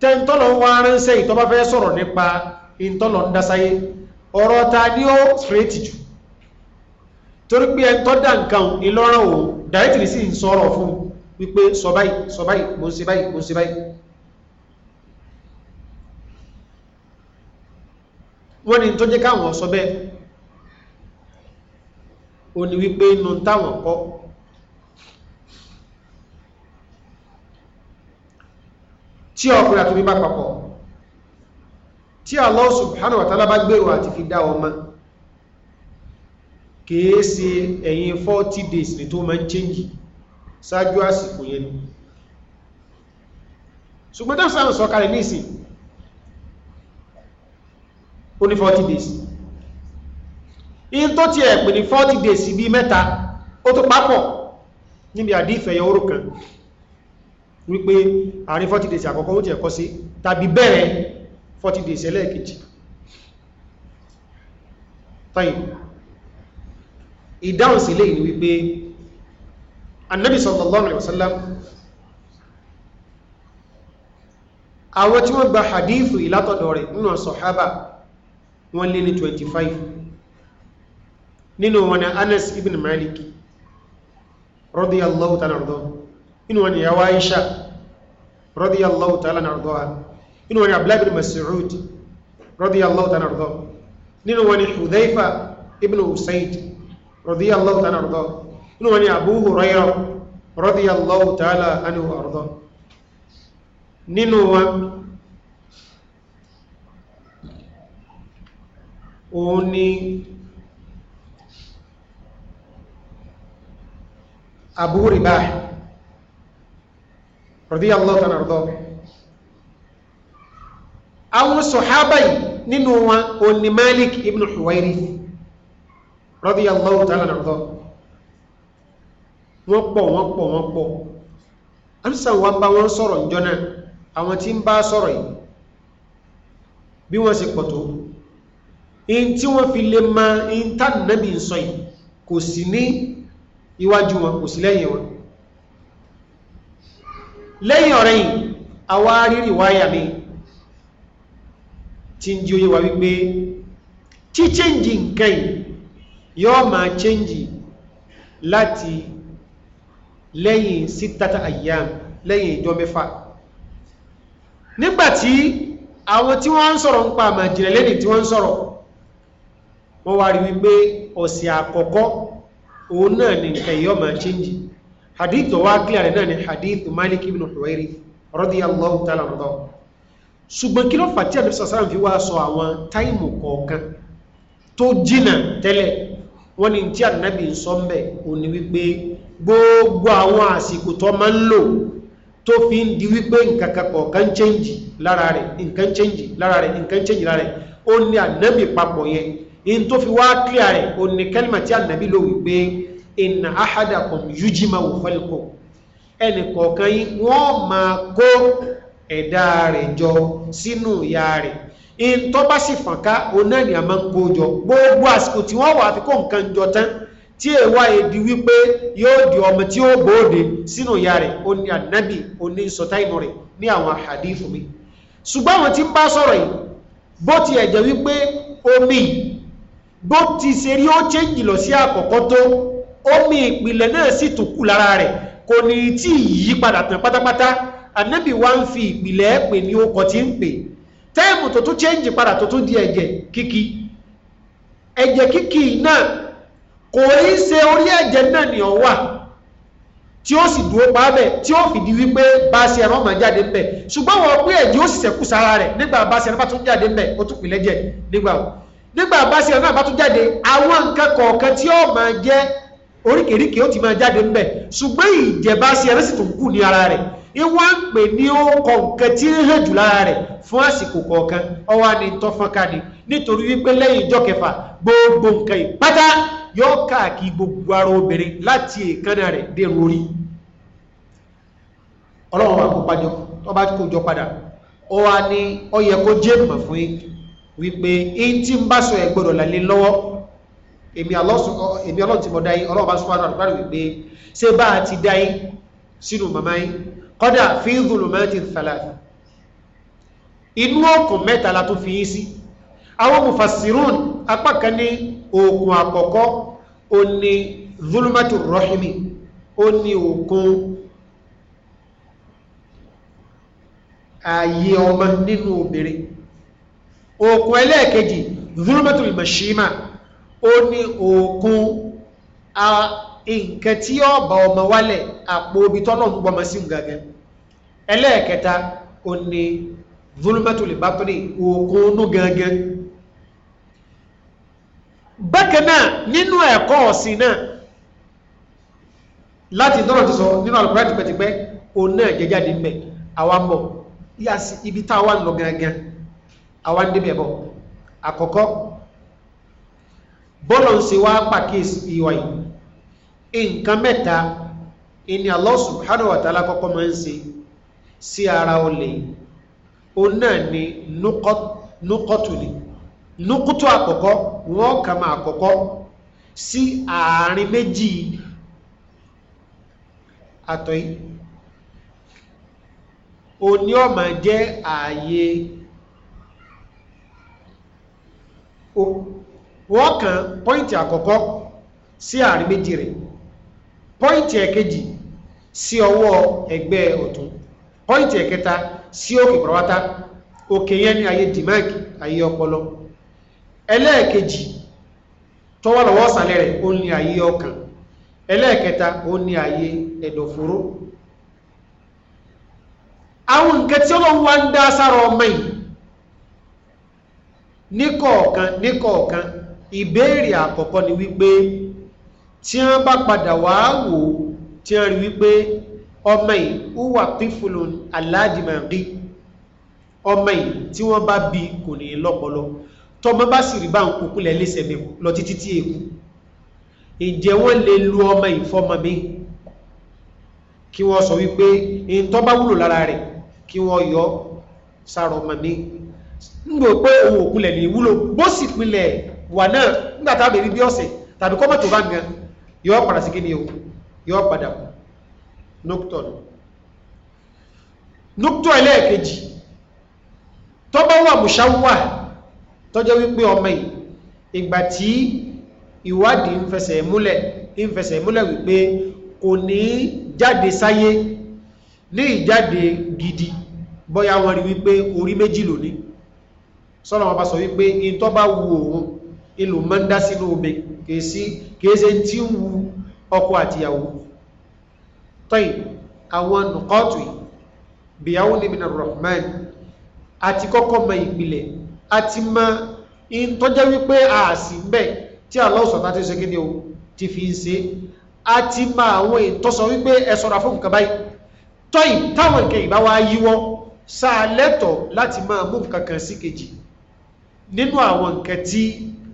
tẹ́ntọ́lọ̀ wá ránṣẹ́ ìtọ́bá fẹ́ sọ̀rọ̀ nípa ìntọ́lọ̀ ń dásáyé ọ̀rọ̀ ta ní ó straight jù torí pé ẹ̀ntọ́ dá nǹkan ìlọ́rọ̀ ò dáyẹ̀tìrì sí ń sọ̀rọ̀ fún wípé sọ ó ní wípé inú táwọn kọ́ tí ọkùnrin àtúnbí bá papọ̀ tí Allah subhanahu wa ta'ala bá gbèrò àti fi dá ọmọ kìí ṣe ẹ̀yìn 40 days ní tó máa ń change ṣáájú àsìkò yẹn ni ṣùgbọ́n tó sáà ń sọ kalẹ̀ ní ìsìn ó ní 40 days in tó ti ẹ̀pẹ̀ ní 40 days bí mẹ́ta ó tó pápọ̀ níbi àdífẹ̀yẹ oró kan wípé àárín 40 days àkọ́kọ́ ó ti ẹ̀kọ́ sí tàbí bẹ̀rẹ̀ 40 days ẹlẹ́ẹ̀kejì ìdáhùn sí lẹ́yìn wípé sallallahu alaihi wasallam àwọn tí wọ́n gba hadithu ìlátọ̀dọ̀ rẹ̀ nínú sọ̀hábà wọ́n lé ní 25 nínú wọn ni Anas ibn Malik radiyallahu ta'ala anhu nínú wọn ni yawa Aisha radiyallahu ta'ala anhu nínú wọn ni Abdullah ibn Mas'ud radiyallahu ta'ala anhu nínú wọn ni Hudhaifa ibn Usaid radiyallahu ta'ala anhu nínú wọn ni Abu Hurairah radiyallahu ta'ala anhu arda nínú wọn òun ni Abu Ribah radiyallahu ta'ala rọ̀dọ́ àwọn sọ̀hábà yìí nínú wọn ó ní Malik ibn Huwairi radiyallahu ta'ala rọ̀dọ́ wọ́n pọ̀ wọ́n pọ̀ wọ́n pọ̀ amsan wa bá wọn sọ̀rọ̀ ìjọ náà àwọn tí ń bá sọ̀rọ̀ yìí bí wọ́n in tí wọ́n fi lè ma in tánàbí ń sọ yìí kò sí ní iwájú wọn kò sí lẹ́yìn wọn lẹ́yìn ọ̀rẹ́ yìí àwa rírì wáyà mi tí ń jí oyé wa wípé tí change nǹkan yìí yóò máa change láti lẹ́yìn sítátà ayyam lẹ́yìn ìjọ mẹ́fà nígbàtí àwọn tí wọ́n ń sọ̀rọ̀ ń pa àmàjìnlẹ̀ lẹ́nì tí wọ́n ń sọ̀rọ̀ wọ́n wá rí wípé ọ̀sẹ̀ àkọ́kọ́ òun náà ni nǹkan yọ máa change hadith wa clear rẹ̀ náà ni hadith malik ibn huwairi radiyallahu ta'ala rọ̀dọ̀ ṣùgbọ́n kí ló fà tí àdúsà sáà fi wá sọ àwọn táìmù kọ̀ọ̀kan tó jìnà tẹ́lẹ̀ wọ́n ni tí ànábì ń sọ mbẹ̀ òun ni wípé gbogbo àwọn àsìkò tó máa ń lò tó fi ń di wípé nǹkan kakọ̀ kan change lára rẹ̀ nǹkan change lára rẹ̀ nǹkan change lára rẹ̀ ó ní ànábì papọ̀ in tó fi wá clear rẹ̀ o ní kẹ́lìmà tí ànàbí ló wípé in ahadakum yujima òfẹ́lùkọ̀ ẹnì kọ̀ọ̀kan yí wọ́n máa kó ẹ̀dá rẹ̀ jọ sínú ìyá rẹ̀ in tó bá sì fànká o náà ni a máa ń kó jọ gbogbo àsìkò tí wọ́n wà fi kó nǹkan jọ tán tí èwà èdè wípé yóò di ọmọ tí ó bóòdè sínú ìyá rẹ̀ o ní ànàbí o ní sọ̀tá ìmọ̀ rẹ̀ ní àwọn àhàdí fún ṣùgbọ́n àwọn tí ń bá sọ̀rọ̀ yìí bó ti ẹ̀jẹ̀ wípé omi bó ti ṣe rí ó chéjì lọ sí àkọ́kọ́ tó omi ìpìlẹ̀ náà sì tún kù lára rẹ̀ kò ní tí yí padà tán pátápátá ànábì wa ń fi ìpìlẹ̀ pè ní okọ̀ tí ń pè táìmù tó tún chéjì padà tó tún di ẹ̀jẹ̀ kíkí ẹ̀jẹ̀ kíkí náà kò rí ṣe orí ẹ̀jẹ̀ náà ni ó wà tí ó sì dúró pa bẹ́ẹ̀ tí ó fìdí wípé bá ṣe ẹran máa jáde ń bẹ̀ ṣùgbọ́n wọ́n pé ẹ̀jẹ̀ ó sì ṣẹ̀kù sára rẹ̀ nígbà bá ṣe ẹran bá tún jáde ń bẹ̀ ó tún pìlẹ̀ jẹ́ nígbà wọn nígbà bá sí ọ̀nà àbátú jáde àwọn nǹkan kọ̀ọ̀kan tí ó máa jẹ́ oríkèríkè ó ti máa jáde ń bẹ̀ ṣùgbọ́n ìjẹba sí ẹ̀rẹ́sì tó kù ní ara rẹ̀ ìwọ́n ń pè ní ó kọ nǹkan tí ń hàn jù lára rẹ̀ fún àsìkò kọ̀ọ̀kan ọwọ́ ni tọ́fọ́nká ni nítorí wípé lẹ́yìn ìjọ kẹfà gbogbo nǹkan ìpátá yóò káàkiri gbogbo ara obìnrin láti èékánná rẹ̀ dé lórí ọlọ́run wa kó padà ọba kó jọ padà ọwọ́ ni ó kó jẹ́ mọ̀ fún yín wípé in tí ń bá sọ ẹgbọ́dọ̀ lálẹ́ lọ́wọ́ èmi ọlọ́run ti mọ̀ dáyé ọlọ́run bá sọ fún àdúrà wípé ṣé bá a ti dáyé sínú màmá yín kọ́dà fi ń dùn lùmọ́ ti thalatha inú òkun mẹ́ta la tún fi yín sí àwọn mufassirun apá kan ní òkun àkọ́kọ́ ó ní zulmatu rahimi ó ní òkun ààyè ọmọ nínú obìnrin òkun ẹlẹ́ẹ̀kejì zulmatul mashima ó ní òkun nǹkan tí ó bá ọmọ wálẹ̀ àpò obi tọ́nà ń gbọmọ sí gangan ẹlẹ́ẹ̀kẹta ó ní zulmatul batni òkun onú gangan bákan náà nínú ẹ̀kọ́ ọ̀sìn náà láti dọ́rọ̀ ti sọ nínú alùpùpù tipẹ́tipẹ́ òun náà jẹjáde ń àwọn bọ̀ ibi táwa lọ gangan àwa ń débẹ̀ bọ̀ àkọ́kọ́ bọ́lọ̀ ń ṣe wá pàkíyèsí ìwà yìí nǹkan mẹ́ta ìní Allah subhanahu wa ta'ala kọ́kọ́ máa ń ṣe sí ara olè o náà ni núkọ́tùlì núkútù àkọ́kọ́ wọ́n kà máa àkọ́kọ́ sí àárín méjì àtọ̀yí o ní ọmọ jẹ́ ààyè wọ́n kan pọ́ìntì àkọ́kọ́ sí àárín méjì rẹ̀ pọ́ìntì ẹ̀kejì sí ọwọ́ ẹgbẹ́ ọ̀tún pọ́ìntì ẹ̀kẹta sí òkè pàrọwátá òkè yẹn ní ayé dìmáàkì ayé ọpọlọ ẹlẹ́ẹ̀kejì tó wà lọ́wọ́ ọ̀sàlẹ̀ rẹ̀ ó ní ayé ọkàn ẹlẹ́ẹ̀kẹta ó ní ayé ẹ̀dọ̀fóró àwọn nǹkan tí ó lọ wá ń dá sára ọmọ yìí níkọ̀ọ̀kan níkọ̀ọ̀kan ìbéèrè àkọ́kọ́ ni wípé tí wọ́n bá padà wá wò tí wọ́n rí wípé ọmọ yìí ó wà pífùlù aládìmọ̀rí ọmọ yìí tí wọ́n bá bí kò ní lọ́pọlọ tọmọ bá sì rí bá ń kúkúlẹ̀ léṣẹ̀ mi lọ títí tí èkú ìjẹ́ wọ́n lè lu ọmọ yìí fọmọ mi kí wọ́n sọ wípé ìntọ́ bá wúlò lára rẹ̀ kí wọ́n yọ sára ọmọ mi ngbò pé ohun òkúlẹ̀ ní ìwúlò bó sì pinlẹ̀ wà náà nígbàtà bèrí bí ọ̀sẹ̀ tàbí kọ́mọ̀ tó bá ń gan yọ padà sí kíni o yọ padà kù noctọ̀ noctọ̀ ẹlẹ́ẹ̀kejì tó bá wà mùsáwà tó jẹ́ wípé ọmọ yìí ìgbà tí ìwádìí ń fẹsẹ̀ múlẹ̀ ń fẹsẹ̀ múlẹ̀ wípé kò ní jáde gidi bóyá wọ́n rí wípé orí méjì lónìí sọ́nà wọn bá sọ wípé in tó bá wu òun ìlú máa ń dá sínú omi kèése tí ń wu ọkọ àtìyàwó tọ́yì àwọn nùkọ́tù bíyàwó ní minna rahman àti kọ́kọ́ mọ ìpìlẹ̀ àti mọ in tó jẹ́ wípé ààsì bẹ́ tí àlọ́sọ̀tà ti ṣe kíni o ti fi ń ṣe àti mọ àwọn ìtọ́sọ wípé ẹ fún nǹkan tọ́yì wa yíwọ́ sáà lẹ́tọ̀ láti máa mú nǹkan nínú àwọn nǹkan tí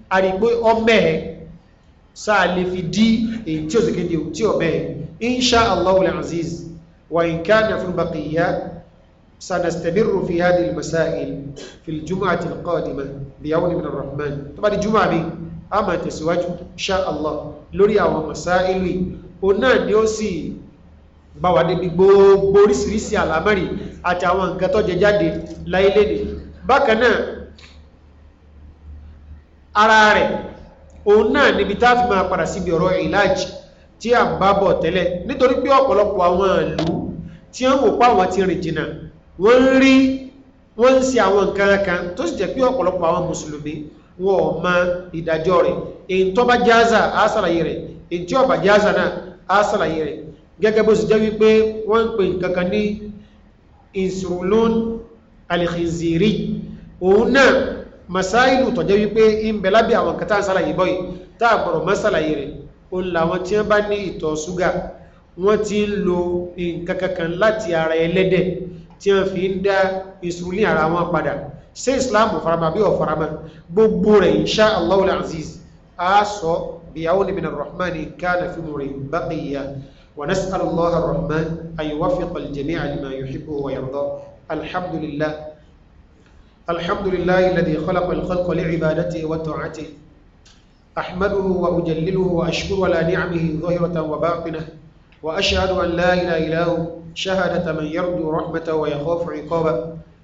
a rí pé ọmọ ẹ̀ sáà lè fi dí èyí tí ó sì kéde tí ọmọ ẹ̀ insha allahul aziz wa in kana fil baqiya sanastamirru fi hadhihi al-masail fil jumu'ati al-qadima bi yawmin min ar-rahman tó bá di jumu'a mi a máa tẹ̀síwájú insha allah lórí àwọn masail o náà ni ó sì bá wà débi gbogbo oríṣiríṣi àlámọ́rin àti àwọn nǹkan tó jẹ jáde láyé léde ara rẹ̀ òun náà níbi tá a fi máa padà síbi ọ̀rọ̀ ìlàjì tí a bá bọ̀ tẹ́lẹ̀ nítorí pé ọ̀pọ̀lọpọ̀ àwọn ìlú tí wọ́n wò pa àwọn ti rìn jìnnà wọ́n ń rí wọ́n ń ṣe àwọn nǹkan kan tó sì jẹ́ pé ọ̀pọ̀lọpọ̀ àwọn mùsùlùmí wọn ò mọ ìdájọ́ rẹ̀ èyí tó bá jáza á sàlàyé rẹ̀ èyí tí ó jáza náà á sàlàyé rẹ̀ gẹ́gẹ́ bó sì jẹ́ wípé wọ́n ń pè nǹkan kan ní insulun alìkìzìrí òun náà masáìlù tó jẹ́ wípé ń bẹ lábẹ́ àwọn kẹta ń sàlàyé bọ́yì tá a gbọ́dọ̀ má sàlàyé rẹ̀ ó làwọn tí wọ́n bá ní ìtọ̀ ṣúgà wọ́n ti ń lo nǹkan kankan láti ara ẹlẹ́dẹ̀ tí wọ́n fi ń dá insulin ara wọn padà ṣé islam farama bí ọ̀farama gbogbo rẹ̀ insha allahu aziz الحمد لله الذي خلق الخلق لعبادته وطاعته أحمده وأجلله وأشكر على نعمه ظاهرة وباطنة وأشهد أن لا إله إلا هو شهادة من يرجو رحمته ويخاف عقابه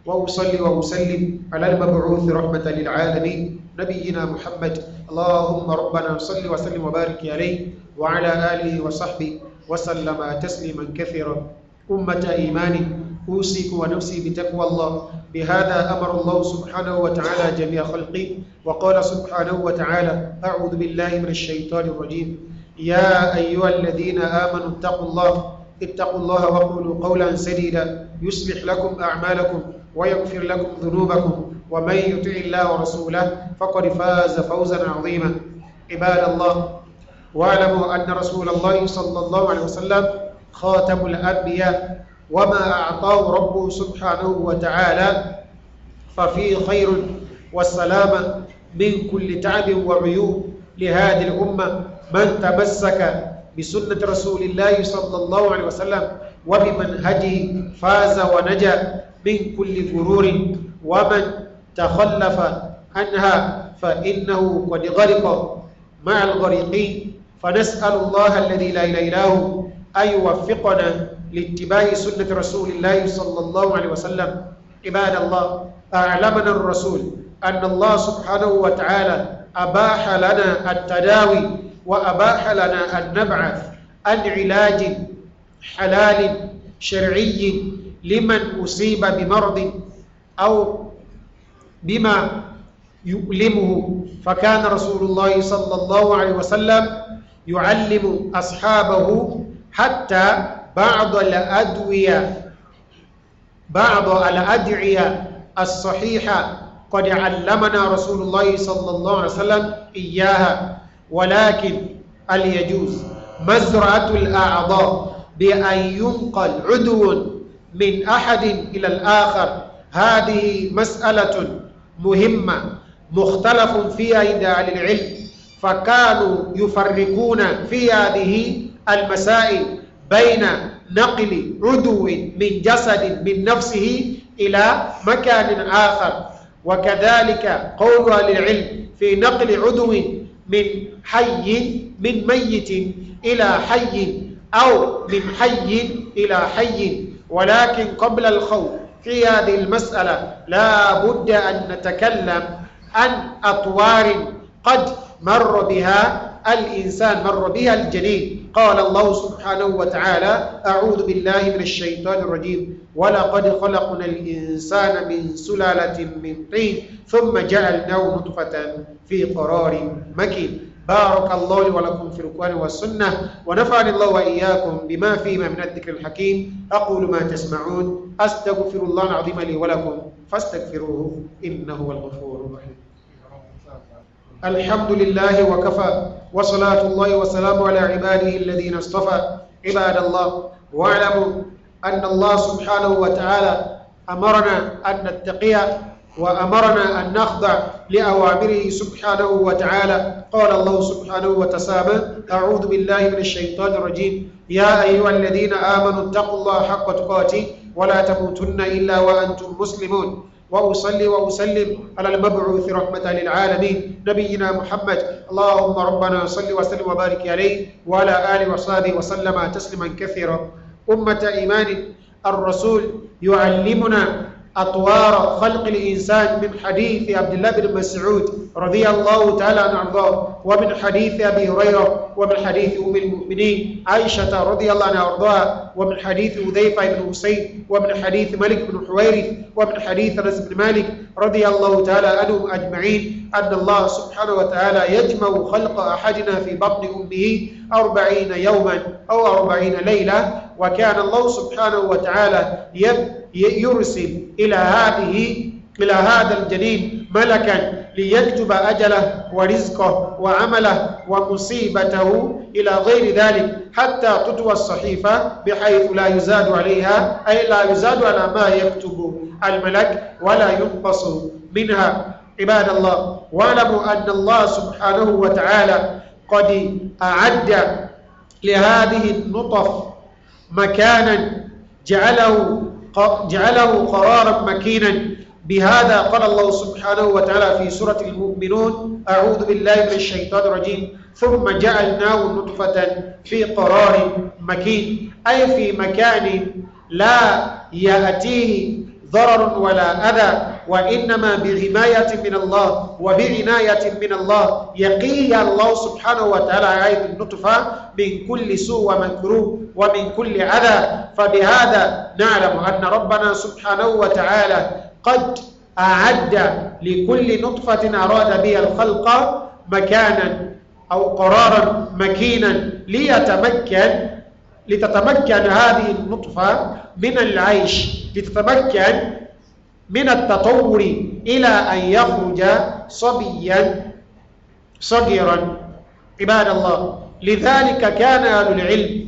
وأصلي وأسلم على المبعوث رحمة للعالمين نبينا محمد اللهم ربنا صل وسلم وبارك عليه وعلى آله وصحبه وسلم تسليما كثيرا أمة إيمان أوصيك ونفسي بتقوى الله بهذا أمر الله سبحانه وتعالى جميع خلقه وقال سبحانه وتعالى أعوذ بالله من الشيطان الرجيم يا أيها الذين آمنوا اتقوا الله اتقوا الله وقولوا قولا سديدا يصلح لكم أعمالكم ويغفر لكم ذنوبكم ومن يطع الله ورسوله فقد فاز فوزا عظيما عباد الله واعلموا أن رسول الله صلى الله عليه وسلم خاتم الأنبياء وما أعطاه ربه سبحانه وتعالى ففيه خير والسلامة من كل تعب وعيوب لهذه الأمة من تمسك بسنة رسول الله صلى الله عليه وسلم وبمنهجه فاز ونجا من كل غرور ومن تخلف عنها فإنه قد غرق مع الغريقين فنسأل الله الذي لا إله إلا هو أن يوفقنا لاتباع سنة رسول الله صلى الله عليه وسلم عباد الله أعلمنا الرسول أن الله سبحانه وتعالى أباح لنا التداوي وأباح لنا أن نبعث عن علاج حلال شرعي لمن أصيب بمرض أو بما يؤلمه فكان رسول الله صلى الله عليه وسلم يعلم أصحابه حتى بعض الأدوية بعض الأدعية الصحيحة قد علمنا رسول الله صلى الله عليه وسلم إياها ولكن هل يجوز مزرعة الأعضاء بأن ينقل عدو من أحد إلى الآخر هذه مسألة مهمة مختلف فيها عند أهل العلم فكانوا يفرقون في هذه المسائل بين نقل عدو من جسد من نفسه إلى مكان آخر وكذلك قول أهل العلم في نقل عدو من حي من ميت إلى حي أو من حي إلى حي ولكن قبل الخوف في هذه المسألة لا بد أن نتكلم عن أطوار قد مر بها الإنسان مر بها الجليل قال الله سبحانه وتعالى أعوذ بالله من الشيطان الرجيم ولقد خلقنا الإنسان من سلالة من طين ثم جعلناه نطفة في قرار مكين بارك الله لي ولكم في القرآن والسنة ونفعني الله وإياكم بما فيما من الذكر الحكيم أقول ما تسمعون أستغفر الله العظيم لي ولكم فاستغفروه إنه هو الغفور الرحيم الحمد لله وكفى وصلاة الله وسلامه على عباده الذين اصطفى عباد الله واعلموا أن الله سبحانه وتعالى أمرنا أن نتقي وأمرنا أن نخضع لأوامره سبحانه وتعالى قال الله سبحانه وتسامى أعوذ بالله من الشيطان الرجيم يا أيها الذين آمنوا اتقوا الله حق تقاته ولا تموتن إلا وأنتم مسلمون وأصلي وأسلم على المبعوث رحمة للعالمين نبينا محمد اللهم ربنا صل وسلم وبارك عليه وعلى آله وصحبه وسلم تسليما كثيرا أمة إيمان الرسول يعلمنا أطوار خلق الإنسان من حديث عبد الله بن مسعود رضي الله تعالى عنه أرضاه ومن حديث أبي هريرة ومن حديث أم المؤمنين عائشة رضي الله عنها أرضاها ومن حديث حذيفة بن حسين ومن حديث ملك بن حويرث ومن حديث أنس بن مالك رضي الله تعالى عنهم أجمعين أن الله سبحانه وتعالى يجمع خلق أحدنا في بطن أمه أربعين يوما أو أربعين ليلة وكان الله سبحانه وتعالى يبقى يرسل إلى هذه إلى هذا الجنين ملكا ليكتب أجله ورزقه وعمله ومصيبته إلى غير ذلك حتى تطوى الصحيفة بحيث لا يزاد عليها أي لا يزاد على ما يكتب الملك ولا ينقص منها عباد الله واعلموا أن الله سبحانه وتعالى قد أعد لهذه النطف مكانا جعله جعله قرارا مكينا بهذا قال الله سبحانه وتعالى في سورة المؤمنون أعوذ بالله من الشيطان الرجيم ثم جعلناه نطفة في قرار مكين أي في مكان لا يأتيه ضرر ولا أذى وإنما بغماية من الله وبعناية من الله يقي الله سبحانه وتعالى عيد آية النطفة من كل سوء ومكروه ومن كل أذى فبهذا نعلم أن ربنا سبحانه وتعالى قد أعد لكل نطفة أراد بها الخلق مكانا أو قرارا مكينا ليتمكن لتتمكن هذه النطفة من العيش لتتمكن من التطور إلى أن يخرج صبيا صغيرا عباد الله لذلك كان أهل العلم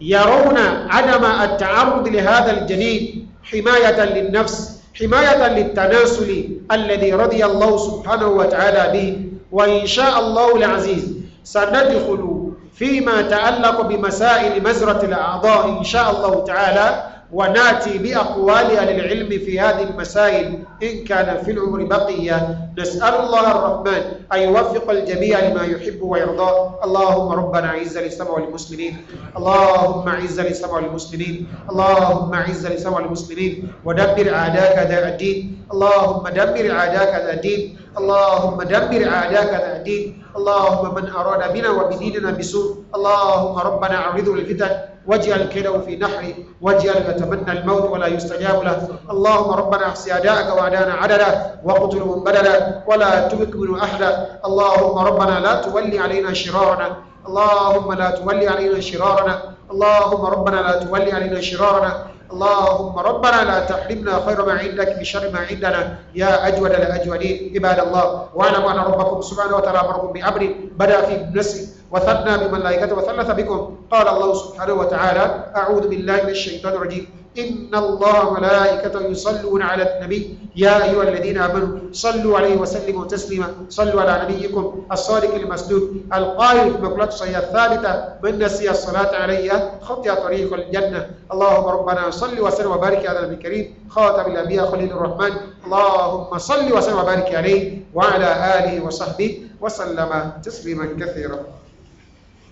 يرون عدم التعرض لهذا الجنين حماية للنفس حماية للتناسل الذي رضي الله سبحانه وتعالى به وإن شاء الله العزيز سندخل فيما تعلق بمسائل مزرة الأعضاء إن شاء الله تعالى وناتي بأقوال أهل العلم في هذه المسائل إن كان في العمر بقية نسأل الله الرحمن أن يوفق الجميع لما يحب ويرضى اللهم ربنا عز لسمع المسلمين اللهم عز لسمع المسلمين اللهم عز لسمع المسلمين ودبر أعداءك ذا الدين اللهم دبر أعداءك ذا الدين اللهم دبر أعداءك ذا الدين اللهم من أراد بنا وبديننا بسوء اللهم ربنا أعوذ الفتن واجعل كيده في نحره واجعل يتمنى الموت ولا يستجاب له اللهم ربنا احصي اعداءك واعدانا عددا من بدلا ولا تبك منه احدا اللهم ربنا لا تولي علينا شرارنا اللهم لا تولي علينا شرارنا اللهم ربنا لا تولي علينا شرارنا اللهم ربنا لا تحرمنا خير ما عندك بشر ما عندنا يا اجود الاجودين عباد الله واعلم ان ربكم سبحانه وتعالى امركم بامر بدا في نسل وثنى بملائكته وثلث بكم قال الله سبحانه وتعالى أعوذ بالله من الشيطان الرجيم إن الله ملائكة يصلون على النبي يا أيها الذين آمنوا صلوا عليه وسلموا تسليما صلوا على نبيكم الصادق المسدود القائل في مقولات الصحيحة الثابتة من نسي الصلاة علي خطي طريق الجنة اللهم ربنا صل وسلم وبارك على النبي الكريم خاتم الأنبياء خليل الرحمن اللهم صل وسلم وبارك عليه وعلى آله وصحبه وسلم تسليما كثيرا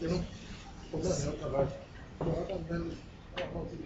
Eu não. O Daniel Tavares. Tá